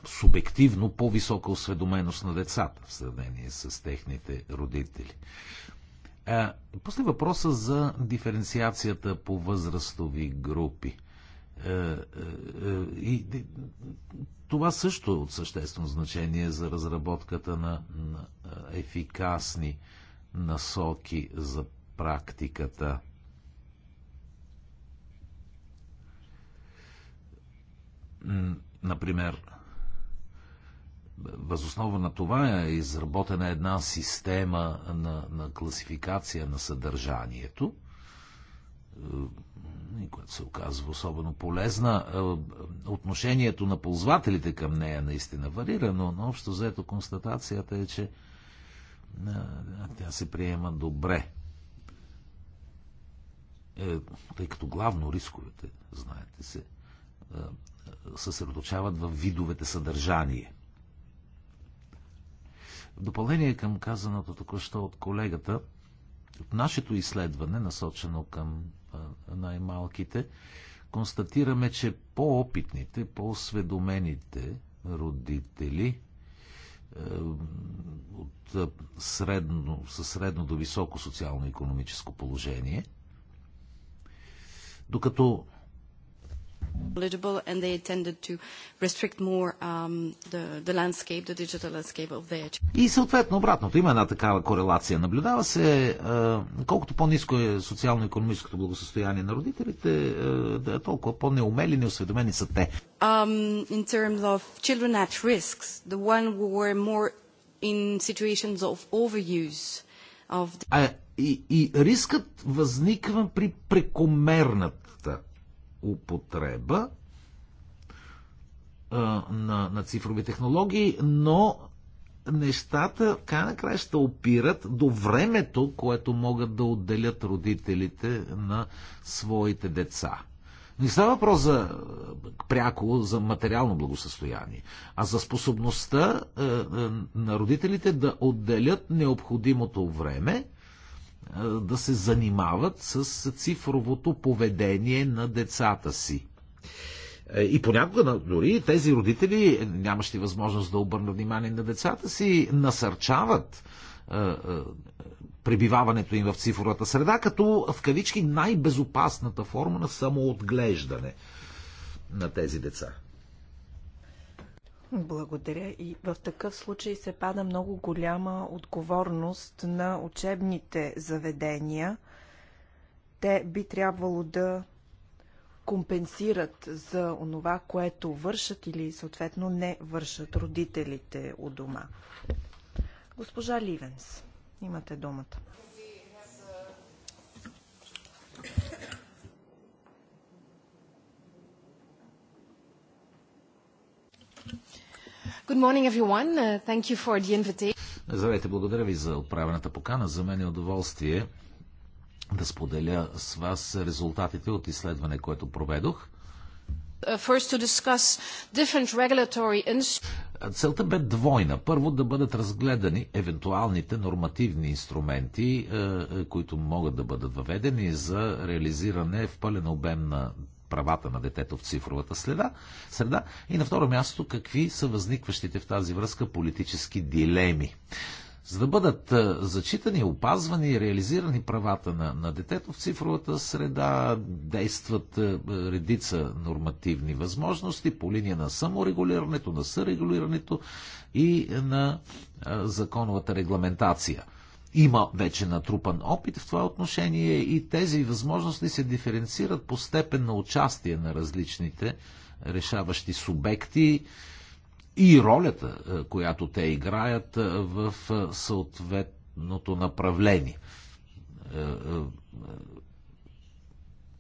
Speaker 3: субективно по-висока осведоменост на децата в сравнение с техните родители. Е, после въпроса за диференциацията по възрастови групи. и, това също е от съществено значение за разработката на ефикасни насоки за практиката. Например, възоснова на това е изработена една система на, на класификация на съдържанието, е, което се оказва особено полезна. Е, отношението на ползвателите към нея наистина варира, но на общо взето констатацията е, че е, тя се приема добре. Тъй като главно рисковете, знаете се, съсредоточават в видовете съдържание. В допълнение към казаното току-що от колегата, от нашето изследване, насочено към най-малките, констатираме, че по-опитните, по-осведомените родители е, от средно, със средно до високо социално-економическо положение, докато
Speaker 1: eligible and they tended to restrict more um, the, the landscape, the digital landscape of their children. И
Speaker 3: съответно обратното, има една такава корелация. Наблюдава се, колкото по-низко е социално-економическото благосостояние на родителите, да е, толкова по-неумели, неосведомени са те.
Speaker 2: Um, in terms of children at risks, the one who were more in situations of overuse of the...
Speaker 3: а, и, и рискът възниква при прекомерната употреба на, на цифрови технологии, но нещата край на ще опират до времето, което могат да отделят родителите на своите деца. Не става въпрос за пряко за материално благосъстояние, а за способността е, е, на родителите да отделят необходимото време да се занимават с цифровото поведение на децата си. И понякога дори тези родители, нямащи възможност да обърнат внимание на децата си, насърчават пребиваването им в цифровата среда, като в кавички най-безопасната форма на самоотглеждане на тези деца.
Speaker 1: Благодаря. И в такъв случай се пада много голяма отговорност на учебните заведения. Те би трябвало да компенсират за онова, което вършат или съответно не вършат родителите у дома. Госпожа Ливенс, имате думата.
Speaker 2: Good morning, everyone. Uh, thank you for the invitation.
Speaker 3: Здравейте, благодаря ви за отправената покана. За мен е удоволствие да споделя с вас резултатите от изследване, което проведох.
Speaker 2: Uh, regulatory...
Speaker 3: Целта бе двойна. Първо да бъдат разгледани евентуалните нормативни инструменти, е, е, които могат да бъдат въведени за реализиране в пълен обем на правата на детето в цифровата следа, среда. И на второ място, какви са възникващите в тази връзка политически дилеми. За да бъдат зачитани, опазвани и реализирани правата на, на детето в цифровата среда, действат редица нормативни възможности по линия на саморегулирането, на сърегулирането и на законовата регламентация – има вече натрупан опит в това отношение и тези възможности се диференцират по степен на участие на различните решаващи субекти и ролята, е, която те играят е, в е, съответното направление.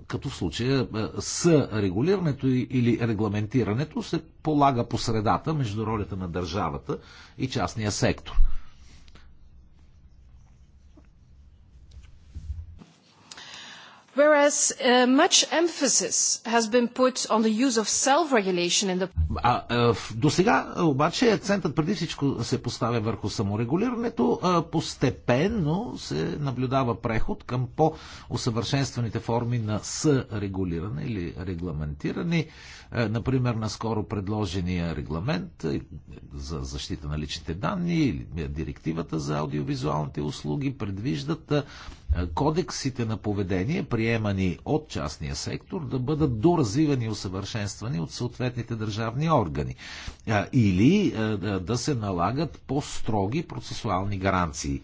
Speaker 3: Като в случая с регулирането или регламентирането се полага по средата между ролята на държавата и частния сектор –
Speaker 2: whereas uh, much emphasis has been put on the use of self-regulation in the...
Speaker 3: А, до сега обаче акцентът преди всичко се поставя върху саморегулирането. постепенно се наблюдава преход към по-усъвършенстваните форми на сърегулиране или регламентиране. например, наскоро предложения регламент за защита на личните данни или е, директивата за аудиовизуалните услуги предвиждат кодексите на поведение, приемани от частния сектор, да бъдат доразвивани и усъвършенствани от съответните държавни органи. Или да се налагат по-строги процесуални гаранции.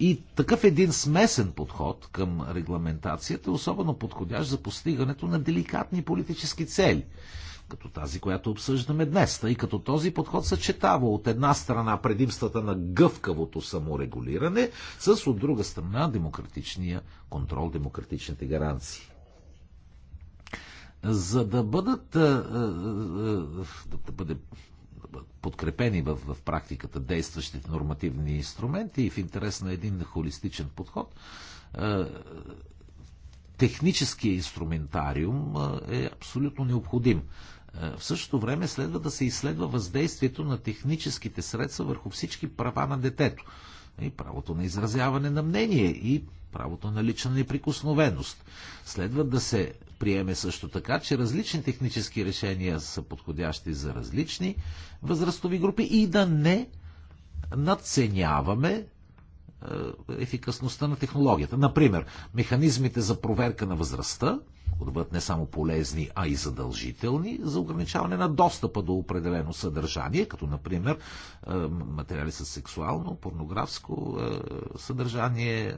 Speaker 3: И такъв един смесен подход към регламентацията е особено подходящ за постигането на деликатни политически цели – като тази, която обсъждаме днес, тъй като този подход съчетава от една страна предимствата на гъвкавото саморегулиране с от друга страна демократичния контрол, демократичните гаранции. За да бъдат да бъде подкрепени в, в практиката действащите нормативни инструменти и в интерес на един холистичен подход, техническия инструментариум е абсолютно необходим. Е, в същото време следва да се изследва въздействието на техническите средства върху всички права на детето. И правото на изразяване на мнение и правото на лична неприкосновеност. Следва да се приеме също така, че различни технически решения са подходящи за различни възрастови групи и да не надценяваме е, ефикасността на технологията. Например, механизмите за проверка на възрастта да бъдат не само полезни, а и задължителни за ограничаване на достъпа до определено съдържание, като например е, материали с сексуално, порнографско е, съдържание,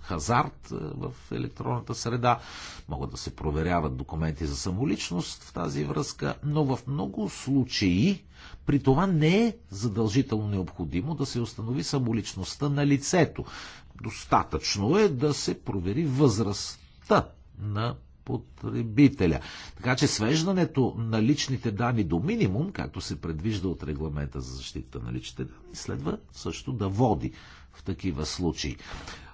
Speaker 3: хазарт в електронната среда. Могат да се проверяват документи за самоличност в тази връзка, но в много случаи при това не е задължително необходимо да се установи самоличността на лицето. Достатъчно е да се провери възрастта на потребителя. Така че свеждането на личните данни до минимум, както се предвижда от регламента за защита на личните данни, следва също да води в такива случаи.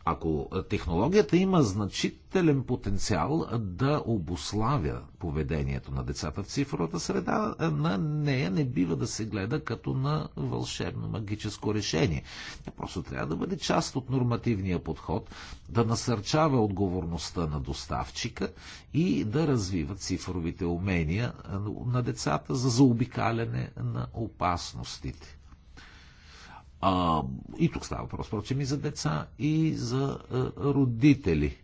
Speaker 3: Ако технологията има значителен потенциал да обославя поведението на децата в цифровата среда, на нея не бива да се гледа като на вълшебно магическо решение. Тя просто трябва да бъде част от нормативния подход, да насърчава отговорността на доставчика и да развива цифровите умения на децата за заобикаляне на опасностите. А, и тук става въпрос, впрочем, и за деца, и за а, е, родители.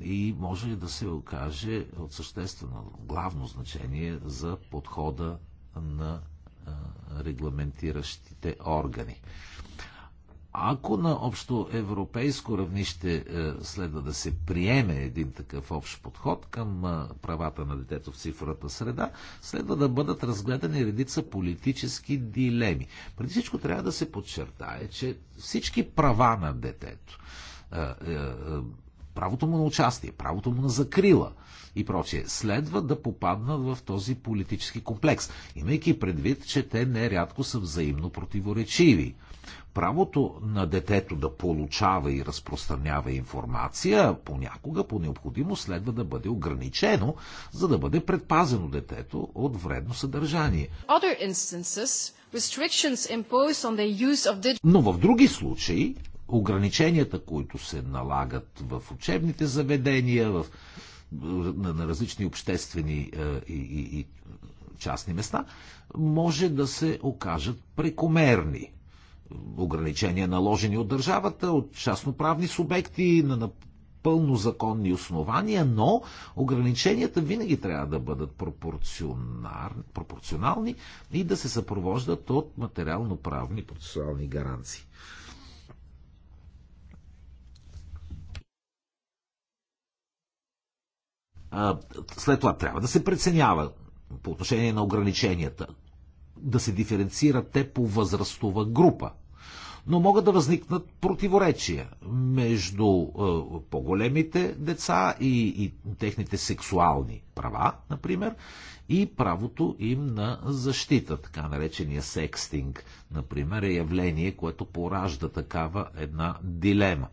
Speaker 3: И може да се окаже от съществено главно значение за подхода на е, регламентиращите органи. Ако на общо европейско равнище е, следва да се приеме един такъв общ подход към е, правата на детето в цифровата среда, следва да бъдат разгледани редица политически дилеми. Преди всичко трябва да се подчертае, че всички права на детето, е, правото му на участие, правото му на закрила и прочее, следва да попаднат в този политически комплекс, имайки предвид, че те нерядко са взаимно противоречиви. Правото на детето да получава и разпространява информация понякога по необходимост следва да бъде ограничено, за да бъде предпазено детето от вредно съдържание. Но в други случаи ограниченията, които се налагат в учебните заведения, в, на, на различни обществени е, и, и, и частни места, може да се окажат прекомерни ограничения наложени от държавата, от частноправни субекти, на напълно законни основания, но ограниченията винаги трябва да бъдат пропорционални и да се съпровождат от материално-правни процесуални гаранции. След това трябва да се преценява по отношение на ограниченията, да се диференцират те по възрастова група но могат да възникнат противоречия между е, по-големите деца и, и техните сексуални права, например, и правото им на защита. Така наречения секстинг, например, е явление, което поражда такава една дилема.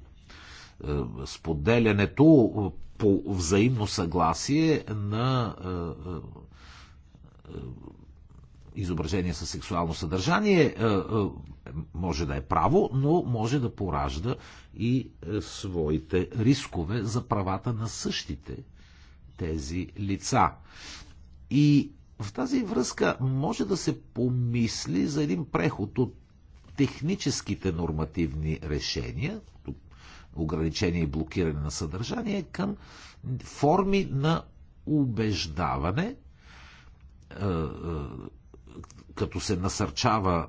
Speaker 3: Е, споделянето по взаимно съгласие на е, изображение със сексуално съдържание е, е, може да е право, но може да поражда и е, своите рискове за правата на същите тези лица. И в тази връзка може да се помисли за един преход от техническите нормативни решения, ограничение и блокиране на съдържание, към форми на убеждаване, като се насърчава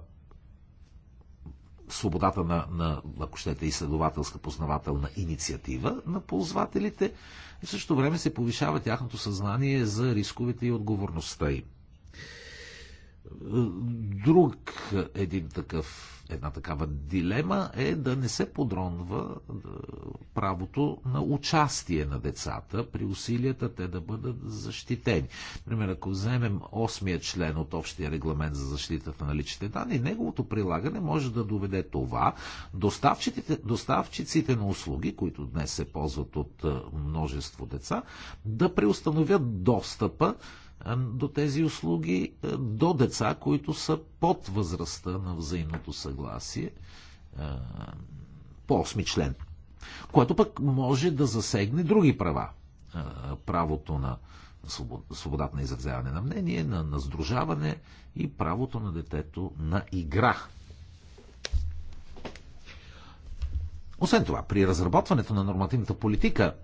Speaker 3: свободата на, на ако щете, изследователска познавателна инициатива на ползвателите и в същото време се повишава тяхното съзнание за рисковете и отговорността им. Друг един такъв една такава дилема е да не се подронва е, правото на участие на децата при усилията те да бъдат защитени. Пример, ако вземем осмия член от общия регламент за защитата на личните данни, неговото прилагане може да доведе това доставчиците, доставчиците на услуги, които днес се ползват от е, множество деца, да преустановят достъпа до тези услуги до деца, които са под възрастта на взаимното съгласие по 8 член. Което пък може да засегне други права. Правото на свободата на изразяване на мнение, на, на сдружаване и правото на детето на игра. Освен това, при разработването на нормативната политика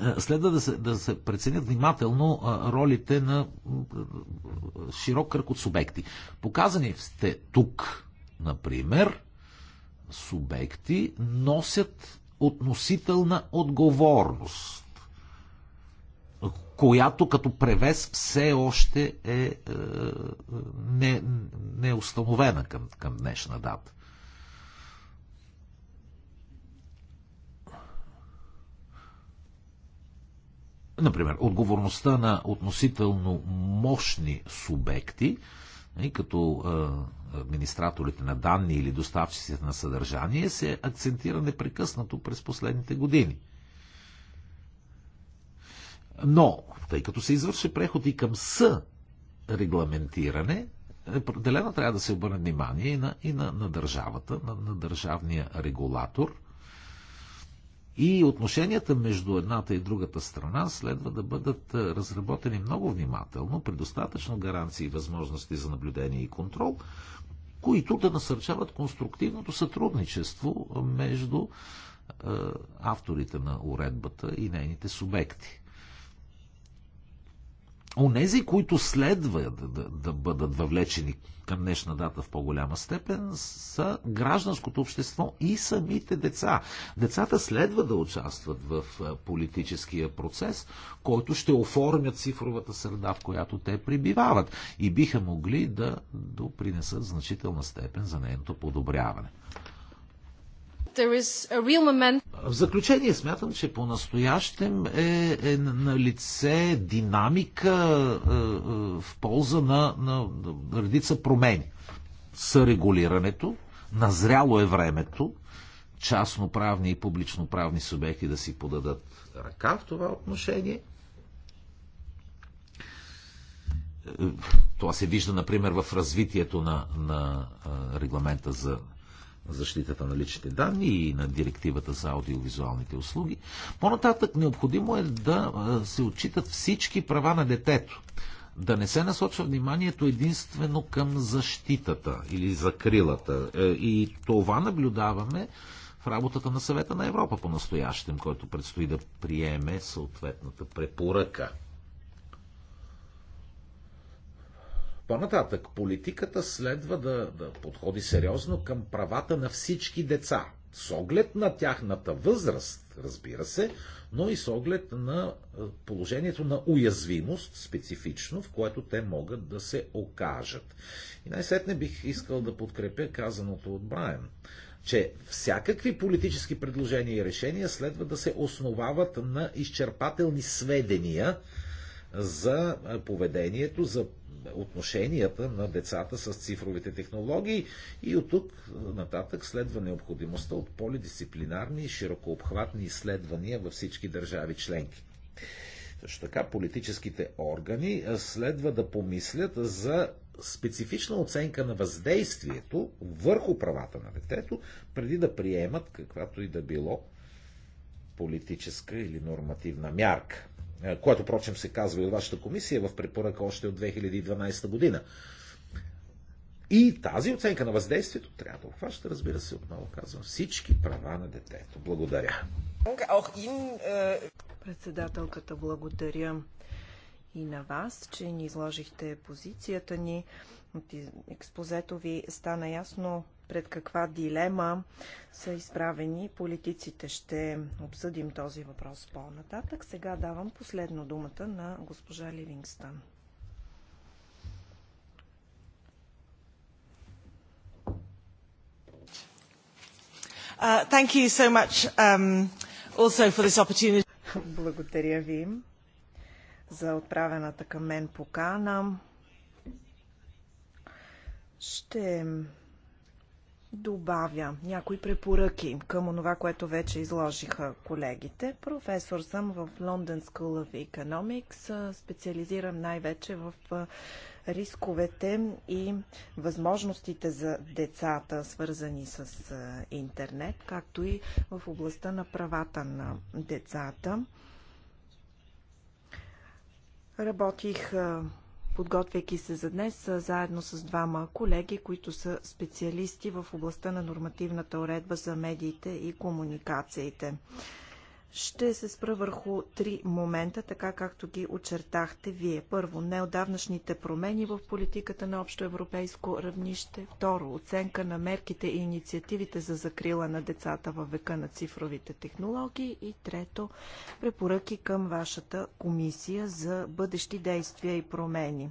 Speaker 3: е, следва да се, да се преценят внимателно ролите на широк кръг от субекти. Показани сте тук, например, субекти носят относителна отговорност, която като превес все още е, е не, не е установена към, към днешна дата. Например, отговорността на относително мощни субекти, нали, като администраторите на данни или доставчиците на съдържание, се акцентира непрекъснато през последните години. Но, тъй като се извърши преход и към с регламентиране, определено трябва да се обърне внимание и на, и на, на държавата, на, на държавния регулатор – и отношенията между едната и другата страна следва да бъдат разработени много внимателно, при достатъчно гаранции и възможности за наблюдение и контрол, които да насърчават конструктивното сътрудничество между авторите на уредбата и нейните субекти. Онези, които следва да, да бъдат въвлечени към днешна дата в по-голяма степен, са гражданското общество и самите деца. Децата следва да участват в политическия процес, който ще оформя цифровата среда, в която те прибивават и биха могли да допринесат значителна степен за нейното подобряване.
Speaker 2: В
Speaker 3: заключение смятам, че по-настоящем е, е на лице динамика е, е, в полза на, на редица промени. Сърегулирането, назряло е времето, частноправни и публичноправни субекти да си подадат ръка в това отношение. Е, това се вижда, например, в развитието на, на е, регламента за защитата на личните данни и на директивата за аудиовизуалните услуги. По-нататък необходимо е да се отчитат всички права на детето. Да не се насочва вниманието единствено към защитата или закрилата. Е, и това наблюдаваме в работата на съвета на Европа по настоящем, който предстои да приеме съответната препоръка. По-нататък, политиката следва да, да подходи сериозно към правата на всички деца, с оглед на тяхната възраст, разбира се, но и с оглед на е, положението на уязвимост, специфично, в което те могат да се окажат. И най-сетне бих искал да подкрепя казаното от Брайан че всякакви политически предложения и решения следва да се основават на изчерпателни сведения за е, поведението, за отношенията на децата с цифровите технологии и от тук нататък следва необходимостта от полидисциплинарни и широкообхватни изследвания във всички държави членки. Също така политическите органи следва да помислят за специфична оценка на въздействието върху правата на детето, преди да приемат каквато и да било политическа или нормативна мярка. Е, което, прочим, се казва и от вашата комисия в препоръка още от 2012 година. И тази оценка на въздействието трябва да обхваща, разбира се, отново казвам, всички права на детето. Благодаря.
Speaker 1: Е, Председателката, благодаря и на вас, че ни изложихте позицията ни. От експозето ви стана ясно пред каква дилема са изправени политиците. Ще обсъдим този въпрос по-нататък. Сега давам последно думата на госпожа Ливингстън. Uh, um, Благодаря ви за отправената към мен покана. Ще добавя някои препоръки към това, което вече изложиха колегите. Професор съм в London School of Economics. Специализирам най-вече в рисковете и възможностите за децата, свързани с интернет, както и в областта на правата на децата. Работих подготвяйки се за днес, заедно с двама колеги, които са специалисти в областта на нормативната уредба за медиите и комуникациите. Ще се спра върху три момента, така както ги очертахте вие. Първо, неодавнашните промени в политиката на общо европейско равнище. Второ, оценка на мерките и инициативите за закрила на децата във века на цифровите технологии. И трето, препоръки към вашата комисия за бъдещи действия и промени.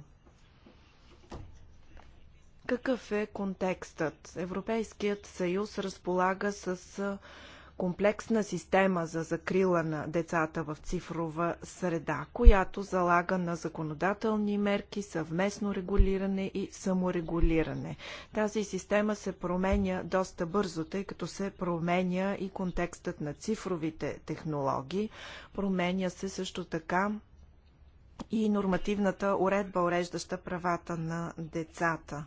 Speaker 1: Какъв е контекстът? Европейският съюз разполага с комплексна система за закрила на децата в цифрова среда, която залага на законодателни мерки, съвместно регулиране и саморегулиране. Тази система се променя доста бързо, тъй като се променя и контекстът на цифровите технологии. Променя се също така и нормативната уредба, уреждаща правата на децата.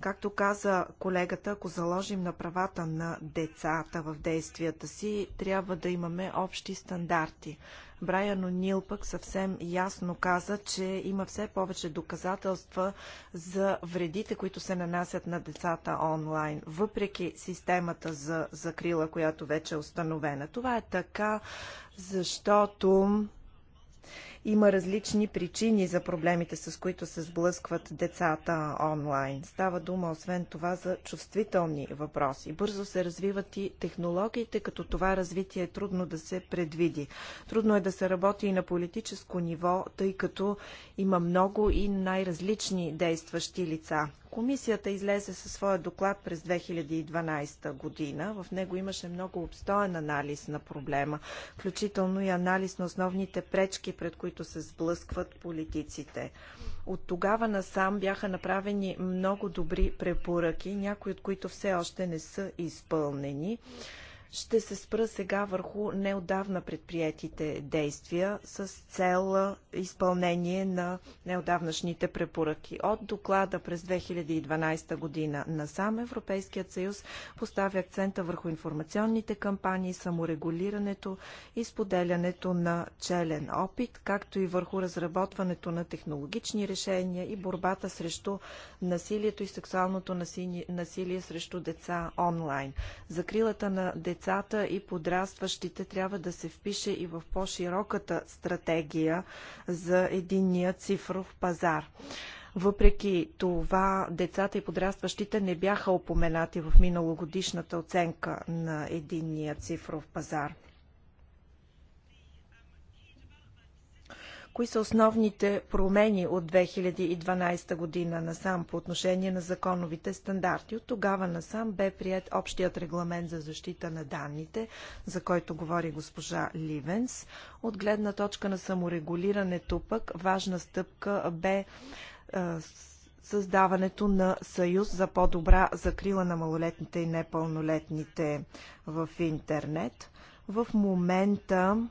Speaker 1: Както каза колегата, ако заложим на правата на децата в действията си, трябва да имаме общи стандарти. Брайан Онил пък съвсем ясно каза, че има все повече доказателства за вредите, които се нанасят на децата онлайн, въпреки системата за закрила, която вече е установена. Това е така, защото има различни причини за проблемите, с които се сблъскват децата онлайн. Става дума, освен това, за чувствителни въпроси. Бързо се развиват и технологиите, като това развитие е трудно да се предвиди. Трудно е да се работи и на политическо ниво, тъй като има много и най-различни действащи лица Комисията излезе със своя доклад през 2012 година. В него имаше много обстоен анализ на проблема, включително и анализ на основните пречки, пред които се сблъскват политиците. От тогава насам бяха направени много добри препоръки, някои от които все още не са изпълнени. Ще се спра сега върху неодавна предприятите действия с цел изпълнение на неодавнашните препоръки. От доклада през 2012 година на сам Европейският съюз поставя акцента върху информационните кампании, саморегулирането и споделянето на челен опит, както и върху разработването на технологични решения и борбата срещу насилието и сексуалното насилие срещу деца онлайн. Закрилата на деца децата и подрастващите трябва да се впише и в по-широката стратегия за единния цифров пазар. Въпреки това, децата и подрастващите не бяха упоменати в миналогодишната оценка на единния цифров пазар. Кои са основните промени от 2012 година насам по отношение на законовите стандарти? От тогава насам бе прият общият регламент за защита на данните, за който говори госпожа Ливенс. От гледна точка на саморегулирането пък важна стъпка бе е, създаването на Съюз за по-добра закрила на малолетните и непълнолетните в интернет. В момента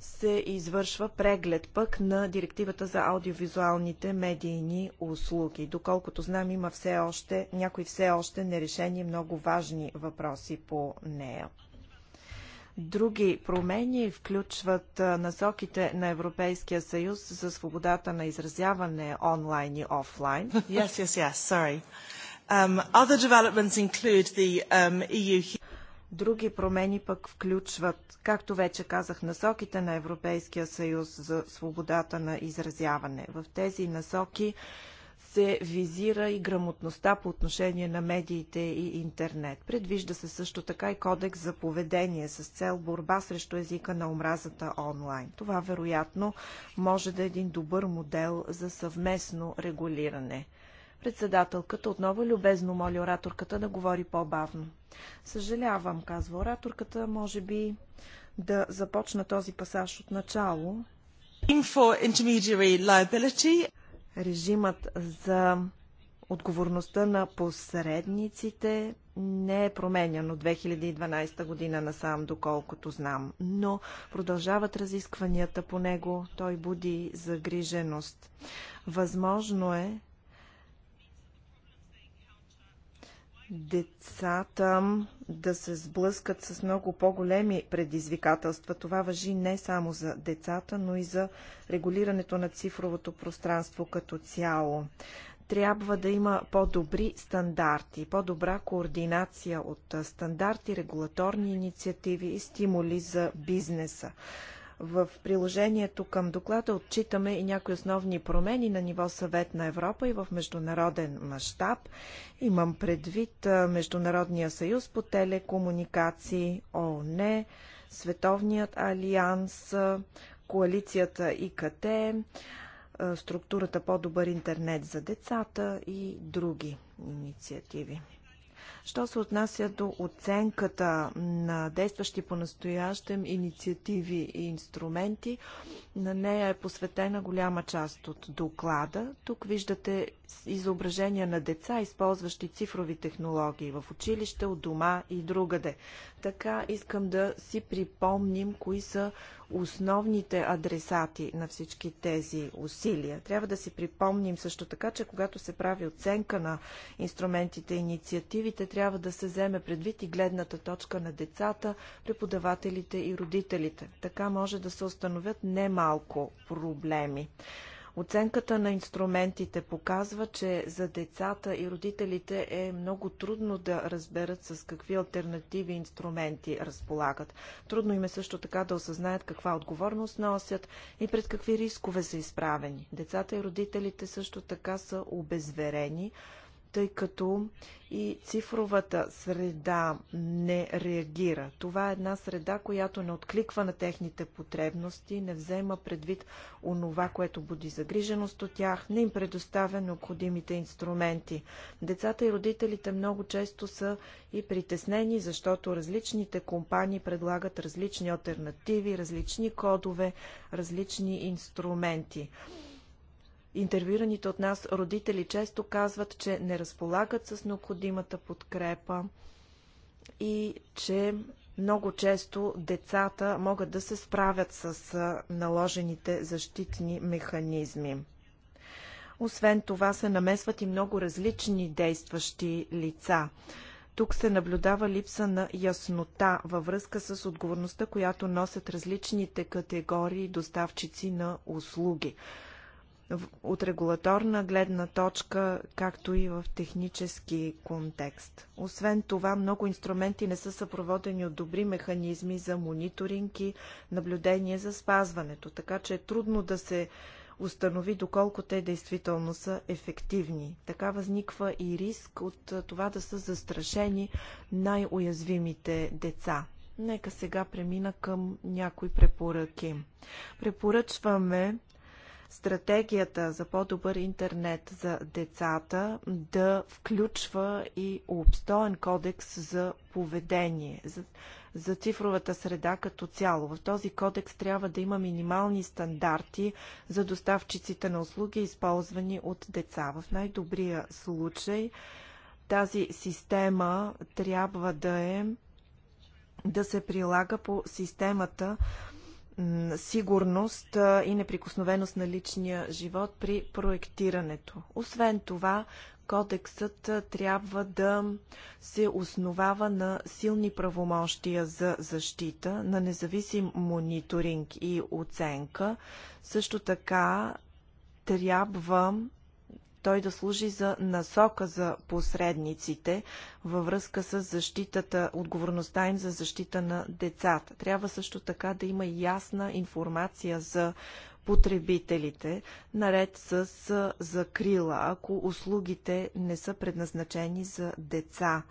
Speaker 1: се извършва преглед пък на директивата за аудиовизуалните медийни услуги. Доколкото знам, има все още, някои все още нерешени много важни въпроси по нея. Други промени включват насоките на Европейския съюз за свободата на изразяване онлайн и офлайн. Yes, yes, yes, sorry. Um, other developments include the um, EU Други промени пък включват, както вече казах, насоките на Европейския съюз за свободата на изразяване. В тези насоки се визира и грамотността по отношение на медиите и интернет. Предвижда се също така и кодекс за поведение с цел борба срещу езика на омразата онлайн. Това вероятно може да е един добър модел за съвместно регулиране. Председателката отново любезно моли ораторката да говори по-бавно. Съжалявам, казва ораторката, може би да започна този пасаж от начало. Режимът за отговорността на посредниците не е променян от 2012 година насам, доколкото знам, но продължават разискванията по него. Той буди загриженост. Възможно е децата да се сблъскат с много по-големи предизвикателства. Това въжи не само за децата, но и за регулирането на цифровото пространство като цяло. Трябва да има по-добри стандарти, по-добра координация от стандарти, регулаторни инициативи и стимули за бизнеса. В приложението към доклада отчитаме и някои основни промени на ниво съвет на Европа и в международен мащаб. Имам предвид Международния съюз по телекомуникации, ООН, Световният алианс, коалицията ИКТ, структурата по-добър интернет за децата и други инициативи. Що се отнася до оценката на действащи по-настоящем инициативи и инструменти, на нея е посветена голяма част от доклада. Тук виждате изображения на деца, използващи цифрови технологии в училище, от дома и другаде. Така искам да си припомним кои са основните адресати на всички тези усилия. Трябва да си припомним също така, че когато се прави оценка на инструментите и инициативите, трябва да се вземе предвид и гледната точка на децата, преподавателите и родителите. Така може да се установят немалко проблеми. Оценката на инструментите показва, че за децата и родителите е много трудно да разберат с какви альтернативи инструменти разполагат. Трудно им е също така да осъзнаят каква отговорност носят и пред какви рискове са изправени. Децата и родителите също така са обезверени тъй като и цифровата среда не реагира. Това е една среда, която не откликва на техните потребности, не взема предвид онова, което буди загриженост от тях, не им предоставя необходимите инструменти. Децата и родителите много често са и притеснени, защото различните компании предлагат различни альтернативи, различни кодове, различни инструменти. Интервюираните от нас родители често казват, че не разполагат с необходимата подкрепа и че много често децата могат да се справят с наложените защитни механизми. Освен това се намесват и много различни действащи лица. Тук се наблюдава липса на яснота във връзка с отговорността, която носят различните категории доставчици на услуги от регулаторна гледна точка, както и в технически контекст. Освен това, много инструменти не са съпроводени от добри механизми за мониторинг и наблюдение за спазването, така че е трудно да се установи доколко те действително са ефективни. Така възниква и риск от това да са застрашени най-уязвимите деца. Нека сега премина към някои препоръки. Препоръчваме стратегията за по-добър интернет за децата да включва и обстоен кодекс за поведение, за, за цифровата среда като цяло. В този кодекс трябва да има минимални стандарти за доставчиците на услуги, използвани от деца. В най-добрия случай тази система трябва да е да се прилага по системата сигурност и неприкосновеност на личния живот при проектирането. Освен това, кодексът трябва да се основава на силни правомощия за защита, на независим мониторинг и оценка. Също така трябва той да служи за насока за посредниците във връзка с защитата, отговорността им за защита на децата. Трябва също така да има ясна информация за потребителите, наред с закрила, ако услугите не са предназначени за деца.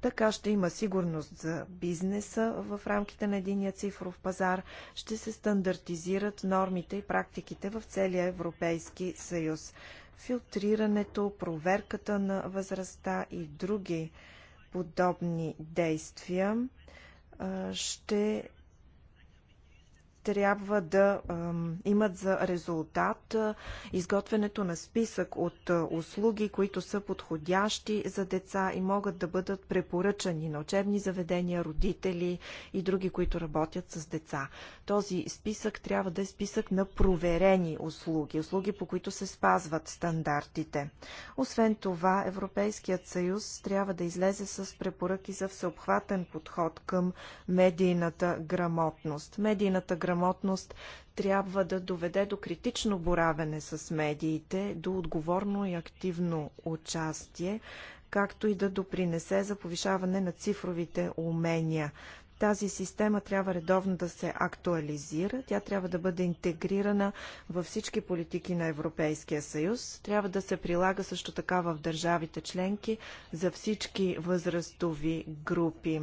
Speaker 1: Така ще има сигурност за бизнеса в рамките на единия цифров пазар, ще се стандартизират нормите и практиките в целия Европейски съюз филтрирането, проверката на възрастта и други подобни действия ще трябва да имат за резултат изготвянето на списък от услуги, които са подходящи за деца и могат да бъдат препоръчани на учебни заведения, родители и други, които работят с деца. Този списък трябва да е списък на проверени услуги, услуги по които се спазват стандартите. Освен това, Европейският съюз трябва да излезе с препоръки за всеобхватен подход към медийната грамотност. Медийната грамотност трябва да доведе до критично боравене с медиите, до отговорно и активно участие, както и да допринесе за повишаване на цифровите умения тази система трябва редовно да се актуализира. Тя трябва да бъде интегрирана във всички политики на Европейския съюз. Трябва да се прилага също така в държавите членки за всички възрастови групи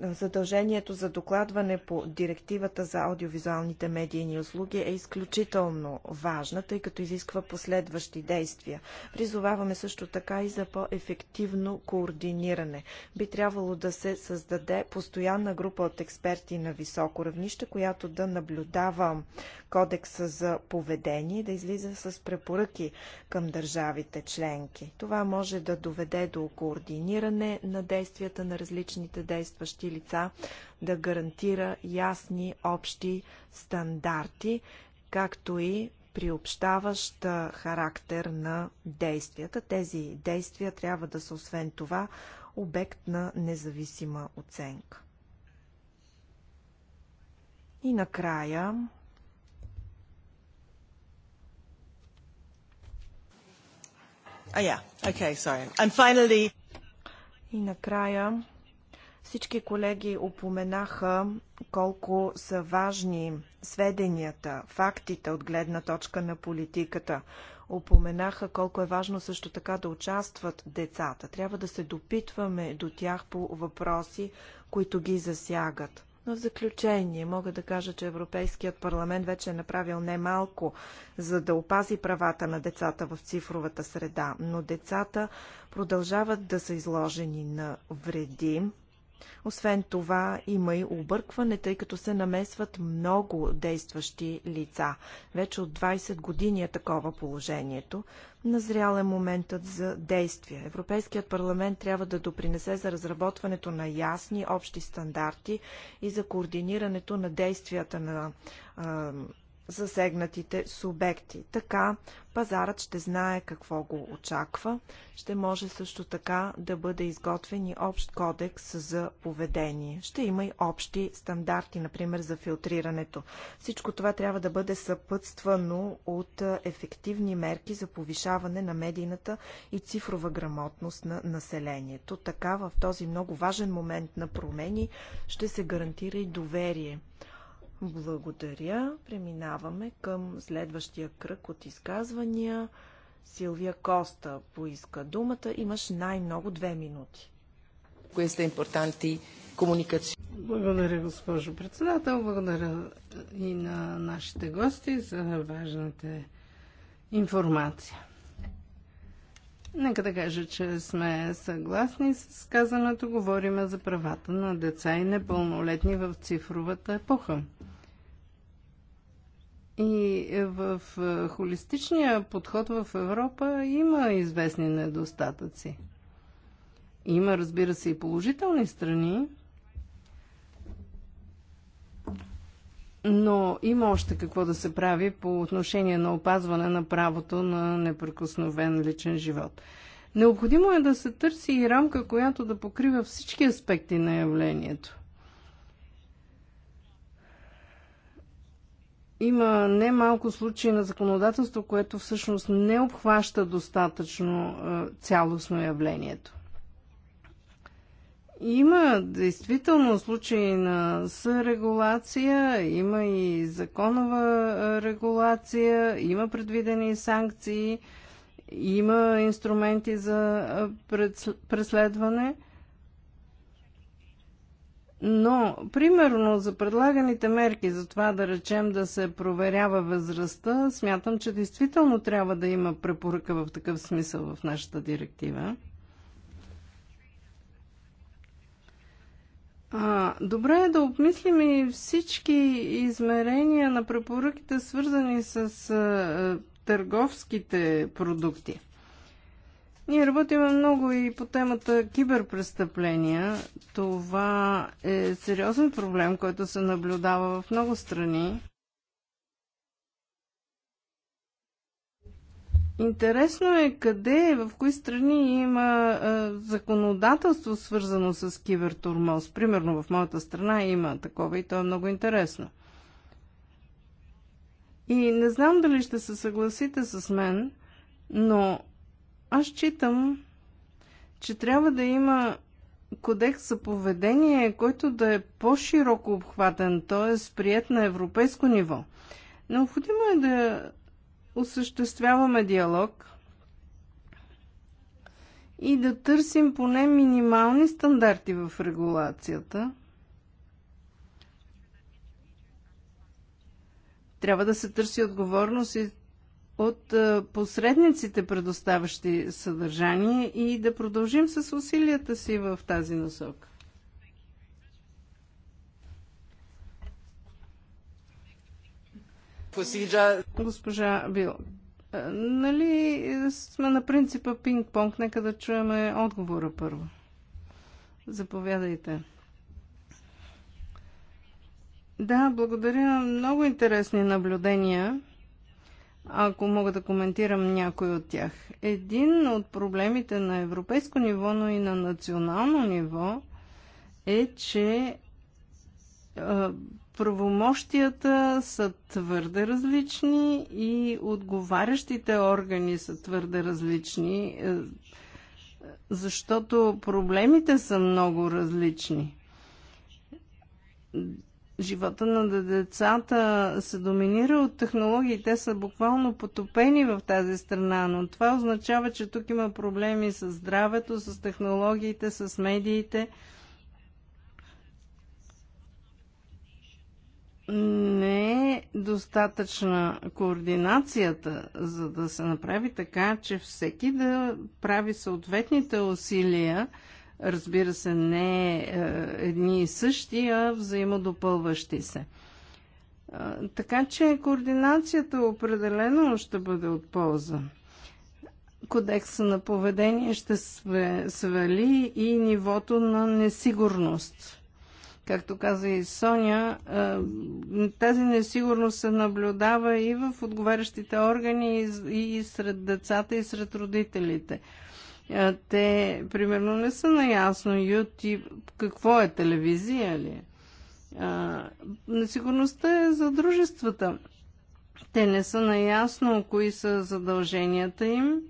Speaker 1: задължението за докладване по директивата за аудиовизуалните медийни услуги е изключително важна, тъй като изисква последващи действия. Призоваваме също така и за по-ефективно координиране. Би трябвало да се създаде постоянна група от експерти на високо равнище, която да наблюдава кодекса за поведение и да излиза с препоръки към държавите членки. Това може да доведе до координиране на действията на различните действащи трети лица да гарантира ясни общи стандарти, както и приобщаващ характер на действията. Тези действия трябва да са освен това обект на независима оценка. И накрая Oh, yeah. okay, sorry. And finally... И накрая всички колеги упоменаха колко са важни сведенията, фактите от гледна точка на политиката. Опоменаха колко е важно също така да участват децата. Трябва да се допитваме до тях по въпроси, които ги засягат. Но в заключение мога да кажа, че Европейският парламент вече е направил немалко, за да опази правата на децата в цифровата среда. Но децата продължават да са изложени на вреди. Освен това има и объркване, тъй като се намесват много действащи лица. Вече от 20 години е такова положението. Назрял е моментът за действие. Европейският парламент трябва да допринесе за разработването на ясни общи стандарти и за координирането на действията на засегнатите субекти. Така пазарът ще знае какво го очаква. Ще може също така да бъде изготвен и общ кодекс за поведение. Ще има и общи стандарти, например за филтрирането. Всичко това трябва да бъде съпътствано от ефективни мерки за повишаване на медийната и цифрова грамотност на населението. Така в този много важен момент на промени ще се гарантира и доверие. Благодаря. Преминаваме към следващия кръг от изказвания. Силвия Коста поиска думата. Имаш най-много две минути.
Speaker 2: Кои са импортанти комуникации? Благодаря, госпожо председател. Благодаря и на нашите гости за важната информация. Нека да кажа, че сме съгласни с казаното. Говорим за правата на деца и непълнолетни в цифровата епоха. И в е, холистичния подход в Европа има известни недостатъци. Има, разбира се, и положителни страни, но има още какво да се прави по отношение на опазване на правото на непрекосновен личен живот. Необходимо е да се търси и рамка, която да покрива всички аспекти на явлението. Има немалко случаи на законодателство, което всъщност не обхваща достатъчно е, цялостно явлението. Има действително случаи на сърегулация, има и законова регулация, има предвидени санкции, има инструменти за преследване. Но, примерно, за предлаганите мерки, за това да речем да се проверява възрастта, смятам, че действително трябва да има препоръка в такъв смисъл в нашата директива. А, добре е да обмислим и всички измерения на препоръките, свързани с а, търговските продукти. Ние работим много и по темата киберпрестъпления. Това е сериозен проблем, който се наблюдава в много страни. Интересно е къде, в кои страни има а, законодателство свързано с кибертурмоз. Примерно в моята страна има такова и то е много интересно. И не знам дали ще се съгласите с мен, но аз читам, че трябва да има кодекс за поведение, който да е по-широко обхватен, т.е. прият на европейско ниво. Необходимо е да осъществяваме диалог и да търсим поне минимални стандарти в регулацията. Трябва да се търси отговорност и от е, посредниците, предоставящи съдържание и да продължим с усилията си в тази насока. Госпожа Бил, е, нали сме на принципа пинг-понг? Нека да чуем отговора първо. Заповядайте. Да, благодаря. Много интересни наблюдения, ако мога да коментирам някой от тях. Един от проблемите на европейско ниво, но и на национално ниво е, че е, правомощията са твърде различни и отговарящите органи са твърде различни, е, защото проблемите са много различни. Живота на децата се доминира от технологии. Те са буквално потопени в тази страна, но това означава, че тук има проблеми с здравето, с технологиите, с медиите – не е достатъчна координацията, за да се направи така, че всеки да прави съответните усилия, разбира се, не е, е едни и същи, а взаимодопълващи се. Така че координацията определено ще бъде от полза. Кодекса на поведение ще свали и нивото на несигурност Както каза и Соня, е, тази несигурност се наблюдава и в отговарящите органи, и сред децата, и сред родителите. Е, те, примерно, не са наясно YouTube какво е телевизия ли е. е. Несигурността е за дружествата. Те не са наясно кои са задълженията им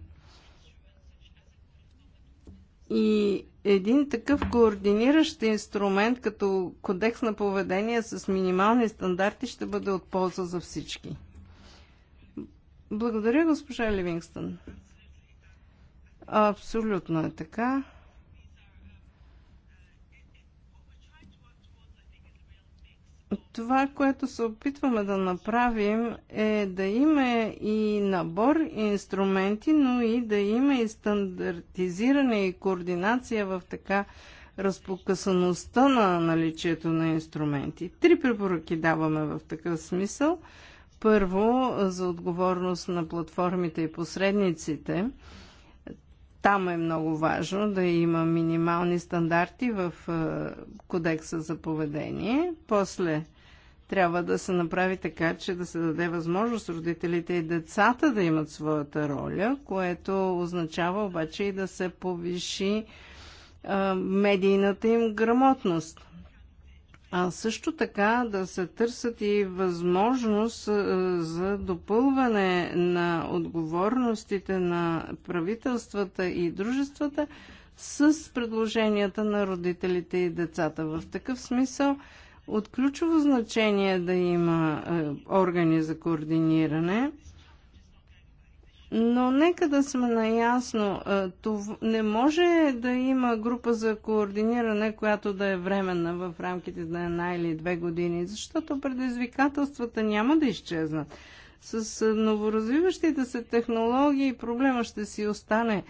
Speaker 2: и един такъв координиращ инструмент като кодекс на поведение с минимални стандарти ще бъде от полза за всички. Благодаря, госпожа Ливингстън. Абсолютно е така. Това, което се опитваме да направим е да има и набор и инструменти, но и да има и стандартизиране и координация в така разпокъсаността на наличието на инструменти. Три препоръки даваме в такъв смисъл. Първо, за отговорност на платформите и посредниците – там е много важно да има минимални стандарти в е, кодекса за поведение. После трябва да се направи така, че да се даде възможност родителите и децата да имат своята роля, което означава обаче и да се повиши е, медийната им грамотност а също така да се търсят и възможност е, за допълване на отговорностите на правителствата и дружествата с предложенията на родителите и децата. В такъв смисъл от ключово значение да има е, органи за координиране – но нека да сме наясно, е, това не може да има група за координиране, която да е временна в рамките на една или две години, защото предизвикателствата няма да изчезнат. С е, новоразвиващите се технологии проблема ще си остане.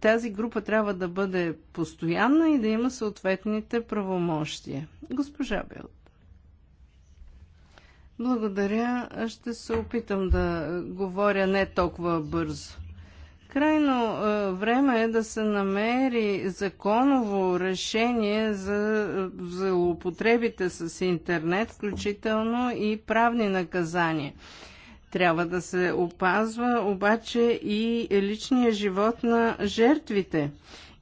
Speaker 2: Тази група трябва да бъде постоянна и да има съответните правомощия. Госпожа Белт. Благодаря. Ще се опитам да говоря не толкова бързо. Крайно е, време е да се намери законово решение за злоупотребите с интернет, включително и правни наказания. Трябва да се опазва обаче и личния живот на жертвите.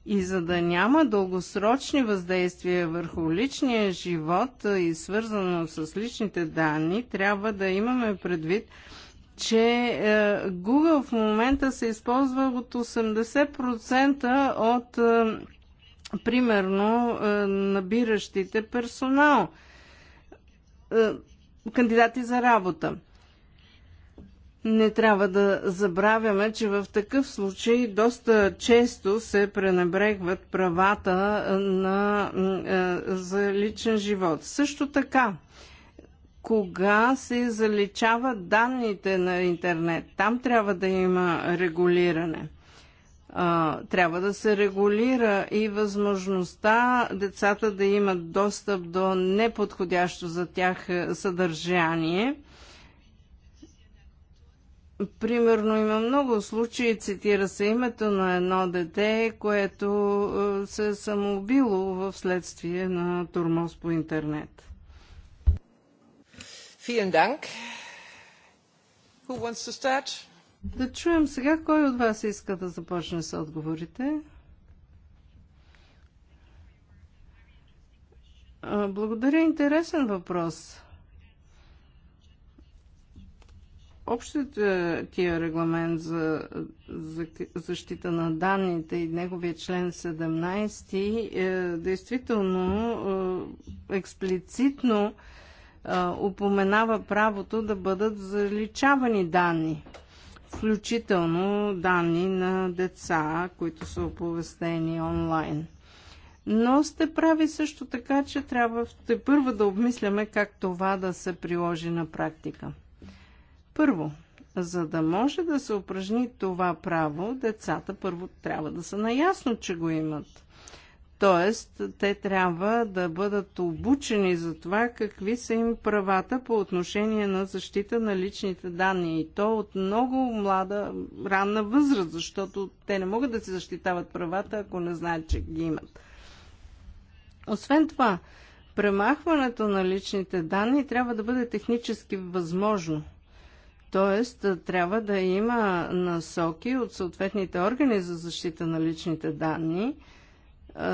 Speaker 2: И за да няма дългосрочни въздействия върху личния живот и свързано с личните данни, трябва да имаме предвид, че е, Google в момента се използва от 80% от е, примерно е, набиращите персонал кандидати за работа. Не трябва да забравяме, че в такъв случай доста често се пренебрегват правата на, за личен живот. Също така, кога се заличават данните на интернет, там трябва да има регулиране. Трябва да се регулира и възможността децата да имат достъп до неподходящо за тях съдържание – Примерно има много случаи, цитира се името на едно дете, което е, се е самоубило в следствие на турмоз по интернет. Да чуем сега кой от вас иска да започне с отговорите. Благодаря, интересен въпрос. Общият е, тия регламент за, за защита на данните и неговия член 17 е, действително е, експлицитно е, упоменава правото да бъдат заличавани данни, включително данни на деца, които са оповестени онлайн. Но сте прави също така, че трябва първо да обмисляме как това да се приложи на практика. Първо, за да може да се упражни това право, децата първо трябва да са наясно, че го имат. Тоест, те трябва да бъдат обучени за това какви са им правата по отношение на защита на личните данни. И то от много млада, ранна възраст, защото те не могат да си защитават правата, ако не знаят, че ги имат. Освен това, премахването на личните данни трябва да бъде технически възможно. Тоест, трябва да има насоки от съответните органи за защита на личните данни,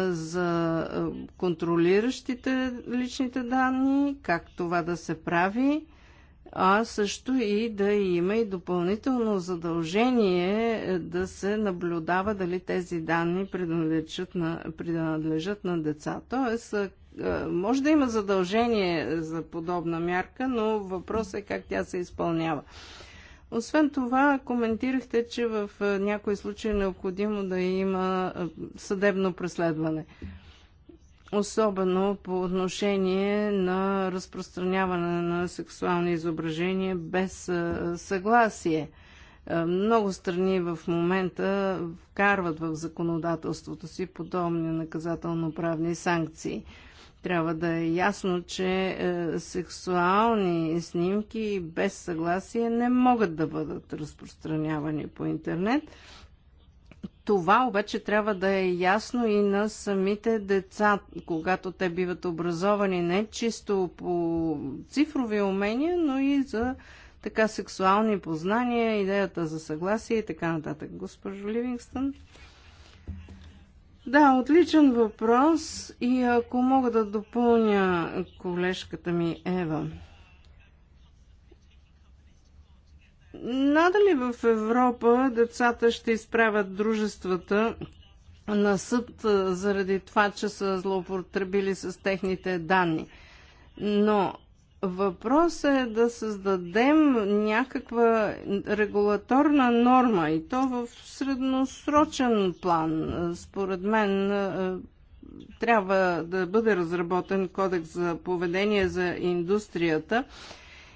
Speaker 2: за контролиращите личните данни, как това да се прави, а също и да има и допълнително задължение е, да се наблюдава дали тези данни принадлежат на, принадлежат на деца. Тоест, е, може да има задължение за подобна мярка, но въпросът е как тя се изпълнява. Освен това, коментирахте, че в е, някои случаи е необходимо да има е, съдебно преследване. Особено по отношение на разпространяване на сексуални изображения без съгласие. Много страни в момента вкарват в законодателството си подобни наказателно-правни санкции – трябва да е ясно, че е, сексуални снимки без съгласие не могат да бъдат разпространявани по интернет. Това обаче трябва да е ясно и на самите деца, когато те биват образовани не чисто по цифрови умения, но и за така сексуални познания, идеята за съгласие и така нататък. Госпожо Ливингстън. Да, отличен въпрос и ако мога да допълня колежката ми Ева. Надали в Европа децата ще изправят дружествата на съд заради това, че са злоупотребили с техните данни. Но Въпросът е да създадем някаква регулаторна норма и то в средносрочен план. Според мен е, трябва да бъде разработен кодекс за поведение за индустрията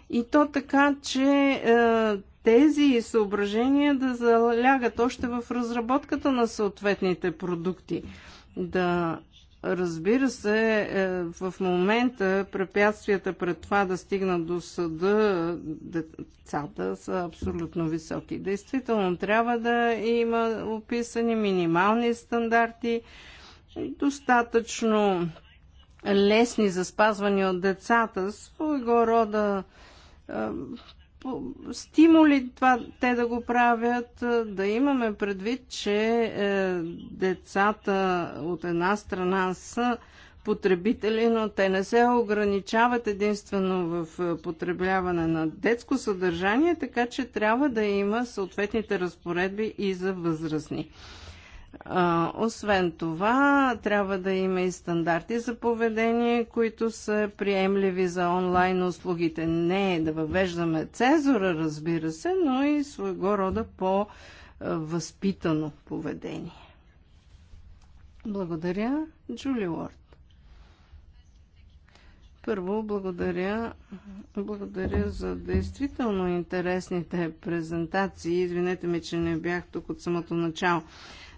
Speaker 2: и то така, че е, тези съображения да залягат още в разработката на съответните продукти. Да Разбира се, е, в момента препятствията пред това да стигнат до съда децата са абсолютно високи. Действително трябва да има описани минимални стандарти, достатъчно лесни за спазване от децата, своего рода е, стимули това, те да го правят, е, да имаме предвид, че е, децата от една страна са потребители, но те не се ограничават единствено в е, потребляване на детско съдържание, така че трябва да има съответните разпоредби и за възрастни. Освен това, трябва да има и стандарти за поведение, които са приемливи за онлайн услугите. Не да въвеждаме цензура, разбира се, но и своего рода по-възпитано поведение. Благодаря, Джули Уорд. Първо, благодаря, благодаря за действително интересните презентации. Извинете ми, че не бях тук от самото начало.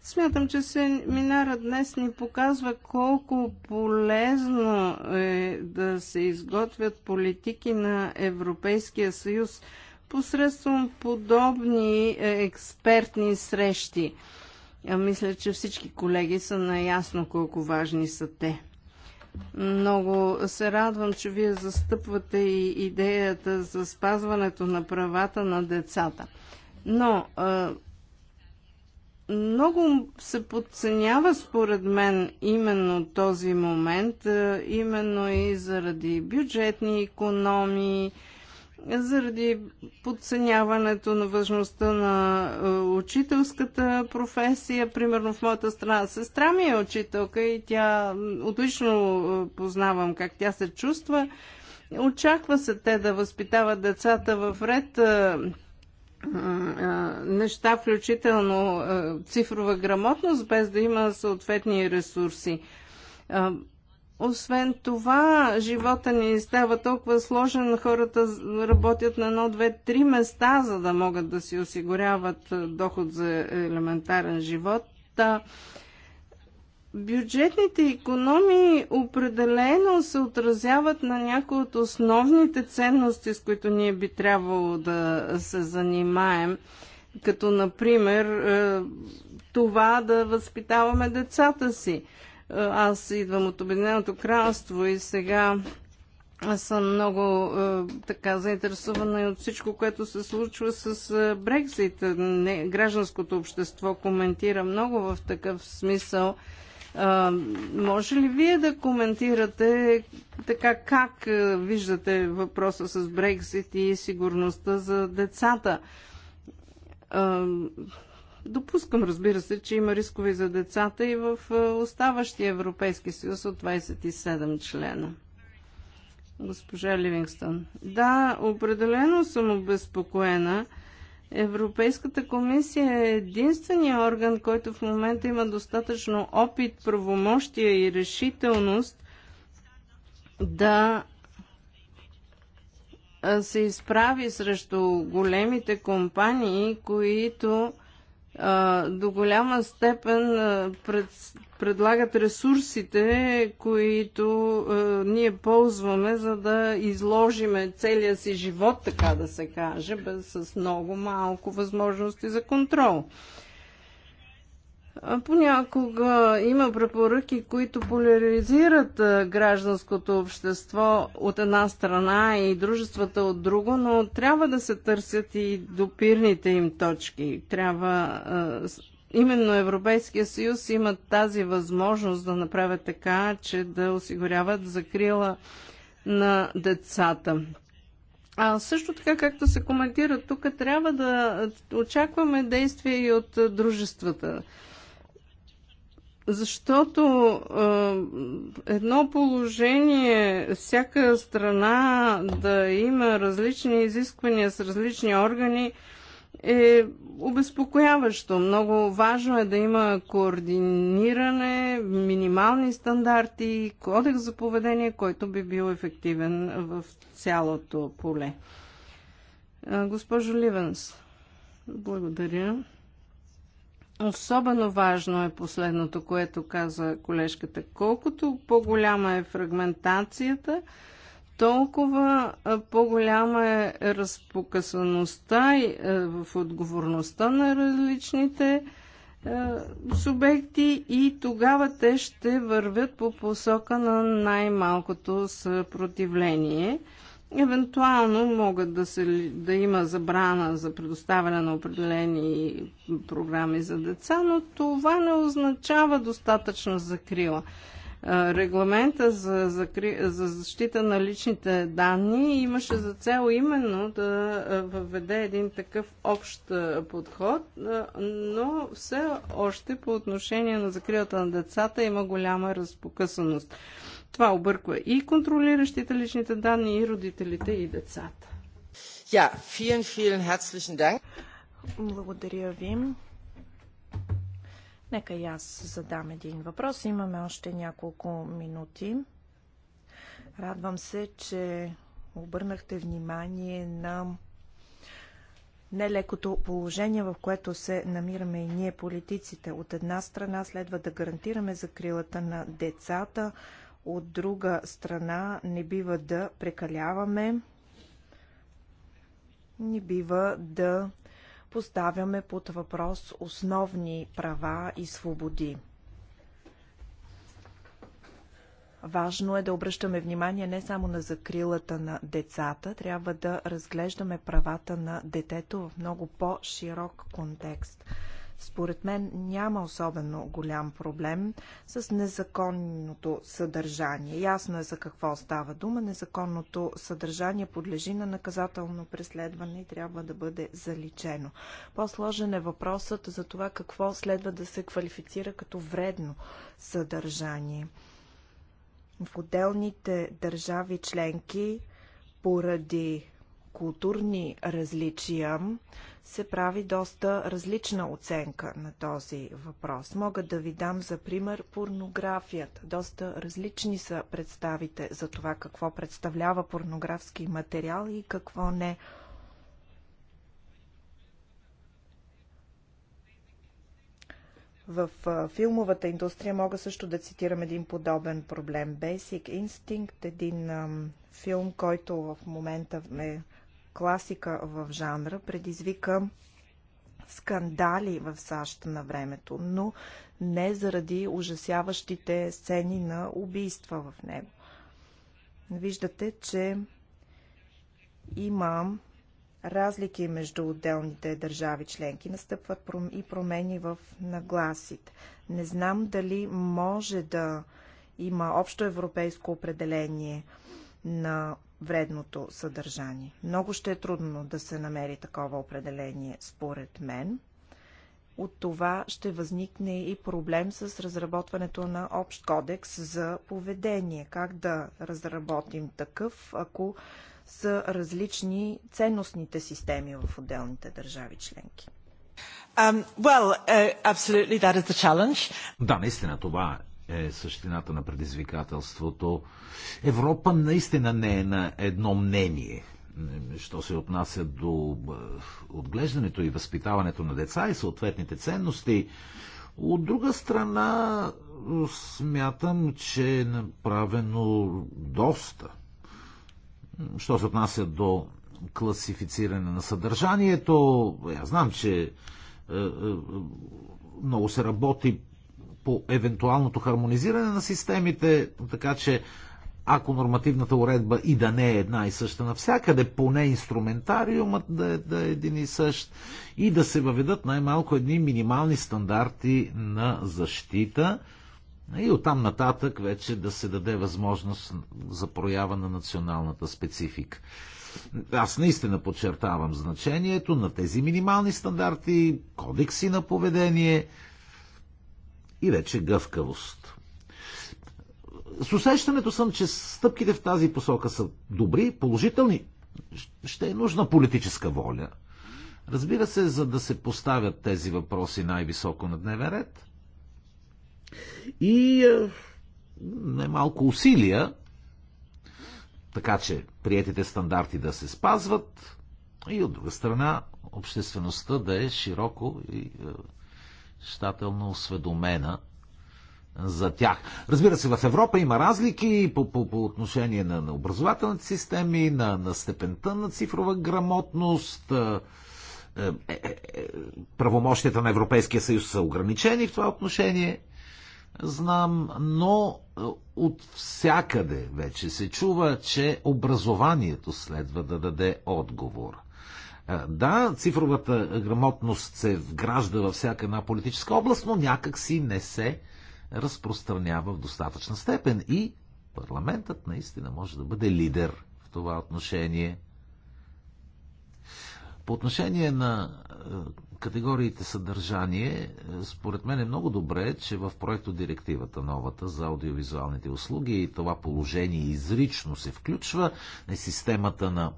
Speaker 2: Смятам, че семинара днес ни показва колко полезно е да се изготвят политики на Европейския съюз посредством подобни е, експертни срещи. Мисля, че всички колеги са наясно колко важни са те. Много се радвам, че вие застъпвате и идеята за спазването на правата на децата. Но много се подценява според мен именно този момент, е, именно и заради бюджетни економии, заради подценяването на важността на е, учителската професия. Примерно в моята страна сестра ми е учителка и тя отлично е, познавам как тя се чувства. Очаква се те да възпитават децата в ред неща, включително цифрова грамотност, без да има съответни ресурси. Освен това, живота ни става толкова сложен, хората работят на едно, две, три места, за да могат да си осигуряват доход за елементарен живот. Та, да Бюджетните економии определено се отразяват на някои от основните ценности, с които ние би трябвало да се занимаем, като например е, това да възпитаваме децата си. Е, аз идвам от Обединеното кралство и сега аз съм много е, така заинтересована и от всичко, което се случва с Брекзит. гражданското общество коментира много в такъв смисъл а, може ли вие да коментирате така как виждате въпроса с Брексит и сигурността за децата? А, допускам, разбира се, че има рискове за децата и в оставащия Европейски съюз от 27 члена. Госпожа Ливингстън. Да, определено съм обезпокоена. Европейската комисия е единствения орган, който в момента има достатъчно опит, правомощия и решителност да се изправи срещу големите компании, които до голяма степен пред, предлагат ресурсите, които е, ние ползваме, за да изложиме целия си живот, така да се каже, без, с много малко възможности за контрол. Понякога има препоръки, които поляризират гражданското общество от една страна и дружествата от друго, но трябва да се търсят и допирните им точки. Трябва именно Европейския съюз има тази възможност да направят така, че да осигуряват закрила на децата. А също така, както се коментира тук, трябва да очакваме действия и от дружествата. Защото е, едно положение, всяка страна да има различни изисквания с различни органи, е обезпокояващо. Много важно е да има координиране, минимални стандарти кодекс за поведение, който би бил ефективен в цялото поле. Госпожо Ливенс, благодаря. Особено важно е последното, което каза колежката. Колкото по-голяма е фрагментацията, толкова по-голяма е разпокъсаността и, в отговорността на различните субекти и тогава те ще вървят по посока на най-малкото съпротивление – Евентуално могат да, се, да има забрана за предоставяне на определени програми за деца, но това не означава достатъчна закрила. Е, регламента за, закри... за защита на личните данни имаше за цел именно да е, въведе един такъв общ е, подход, но все още по отношение на закрилата на децата има голяма разпокъсаност. Това обърква и контролиращите личните данни, и родителите, и децата. Ja, vielen, vielen herzlichen
Speaker 1: Dank. Благодаря ви. Нека и аз задам един въпрос. Имаме още няколко минути. Радвам се, че обърнахте внимание на нелекото положение, в което се намираме и ние политиците. От една страна следва да гарантираме закрилата на децата, от друга страна, не бива да прекаляваме, не бива да поставяме под въпрос основни права и свободи. Важно е да обръщаме внимание не само на закрилата на децата, трябва да разглеждаме правата на детето в много по-широк контекст. Според мен няма особено голям проблем с незаконното съдържание. Ясно е за какво става дума. Незаконното съдържание подлежи на наказателно преследване и трябва да бъде заличено. По-сложен е въпросът за това какво следва да се квалифицира като вредно съдържание. В отделните държави членки поради културни различия се прави доста различна оценка на този въпрос. Мога да ви дам за пример порнографията. Доста различни са представите за това какво представлява порнографски материал и какво не. В филмовата индустрия мога също да цитирам един подобен проблем. Basic Instinct, един ам, филм, който в момента е класика в жанра, предизвика скандали в САЩ на времето, но не заради ужасяващите сцени на убийства в него. Виждате, че има разлики между отделните държави членки, настъпват и промени в нагласите. Не знам дали може да има общо европейско определение на вредното съдържание. Много ще е трудно да се намери такова определение, според мен. От това ще възникне и проблем с разработването на общ кодекс за поведение. Как да разработим такъв, ако са различни ценностните системи в отделните държави членки? Um, well, uh, that is the challenge.
Speaker 3: Да, наистина това е е същината на предизвикателството. Европа наистина не е на едно мнение, що се отнася до е, отглеждането и възпитаването на деца и съответните ценности. От друга страна, смятам, че е направено доста. Що се отнася до класифициране на съдържанието, аз знам, че е, е, много се работи по евентуалното хармонизиране на системите, така че ако нормативната уредба и да не е една и съща навсякъде, поне инструментариумът да е, да е един и същ и да се въведат най-малко едни минимални стандарти на защита и оттам нататък вече да се даде възможност за проява на националната специфика. Аз наистина подчертавам значението на тези минимални стандарти, кодекси на поведение – и вече гъвкавост. С усещането съм, че стъпките в тази посока са добри, положителни. Ще е нужна политическа воля. Разбира се, за да се поставят тези въпроси най-високо на дневен ред. И е, немалко усилия, така че приетите стандарти да се спазват и от друга страна обществеността да е широко и е, щателно осведомена за тях. Разбира се, в Европа има разлики по, по, по отношение на, на образователните системи, на, на степента на цифрова грамотност. Е, е, е, е правомощията на Европейския съюз са ограничени в това отношение, знам, но е, от всякъде вече се чува, че образованието следва да даде отговор – е, да, цифровата грамотност се вгражда във всяка една политическа област, но някак си не се разпространява в достатъчна степен. И парламентът наистина може да бъде лидер в това отношение. По отношение на е, категориите съдържание, е, според мен е много добре, че в проекто директивата новата за аудиовизуалните услуги и това положение изрично се включва на системата на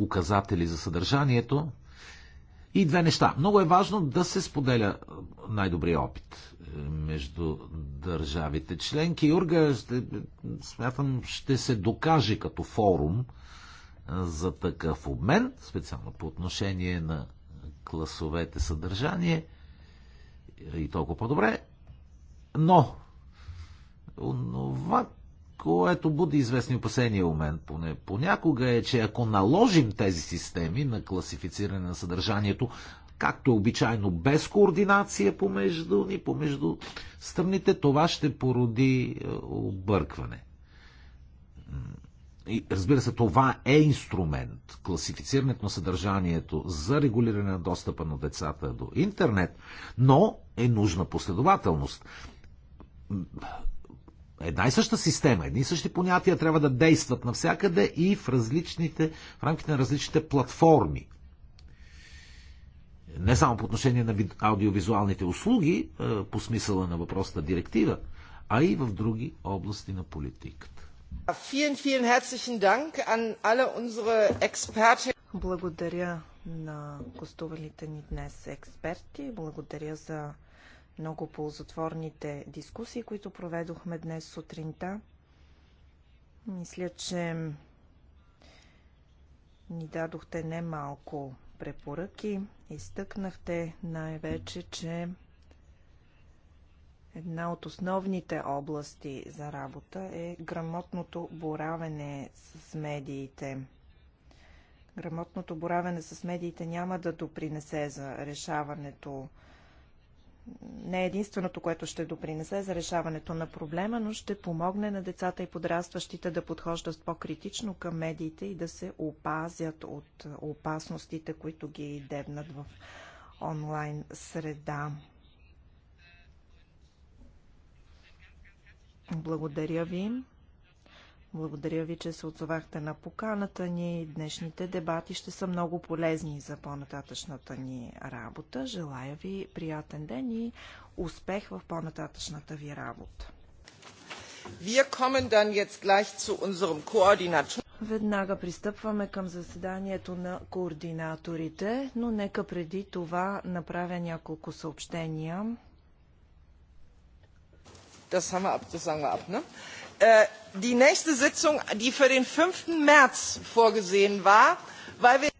Speaker 3: указатели за съдържанието. И две неща. Много е важно да се споделя е, най-добрия опит е, между държавите членки. Юрга, ще, смятам, ще се докаже като форум е, за такъв обмен, специално по отношение на класовете съдържание и толкова по-добре. Но, това, което буди известни опасения у мен поне. Понякога е, че ако наложим тези системи на класифициране на съдържанието, както е обичайно, без координация помежду ни, помежду страните, това ще породи е, объркване. И, разбира се, това е инструмент, класифицирането на съдържанието за регулиране на достъпа на децата до интернет, но е нужна последователност една и съща система, едни и същи понятия трябва да действат навсякъде и в различните, в рамките на различните платформи. Не само по отношение на аудиовизуалните услуги, е, по смисъла на въпросната директива, а и в други области на политиката.
Speaker 1: Благодаря на гостувалите ни днес експерти. Благодаря за много ползотворните дискусии, които проведохме днес сутринта. Мисля, че ни дадохте немалко препоръки. Изтъкнахте най-вече, че една от основните области за работа е грамотното боравене с медиите. Грамотното боравене с медиите няма да допринесе за решаването не е единственото, което ще допринесе за решаването на проблема, но ще помогне на децата и подрастващите да подхождат по-критично към медиите и да се опазят от опасностите, които ги дебнат в онлайн среда. Благодаря ви. Благодаря ви, че се отзовахте на поканата ни. Днешните дебати ще са много полезни за по-нататъчната ни работа. Желая ви приятен ден и успех в по-нататъчната ви работа. Веднага пристъпваме към заседанието на координаторите, но нека преди това направя няколко съобщения. Das haben wir ab, ab, ne? Äh, die nächste Sitzung, die für den 5. März vorgesehen war, weil wir...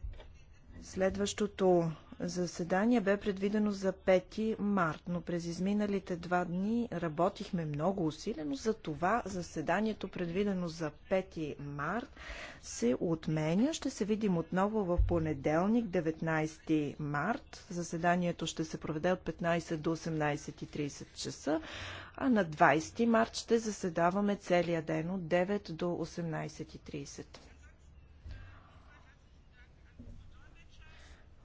Speaker 1: Следващото заседание бе предвидено за 5 март, но през изминалите два дни работихме много усилено, за това заседанието предвидено за 5 март се отменя. Ще се видим отново в понеделник, 19 март. Заседанието ще се проведе от 15 до 18.30 часа а на 20 март ще заседаваме целия ден от 9 до 18.30.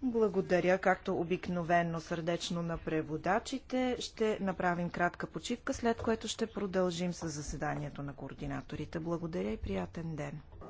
Speaker 1: Благодаря, както обикновенно сърдечно на преводачите. Ще направим кратка почивка, след което ще продължим с заседанието на координаторите. Благодаря и приятен ден!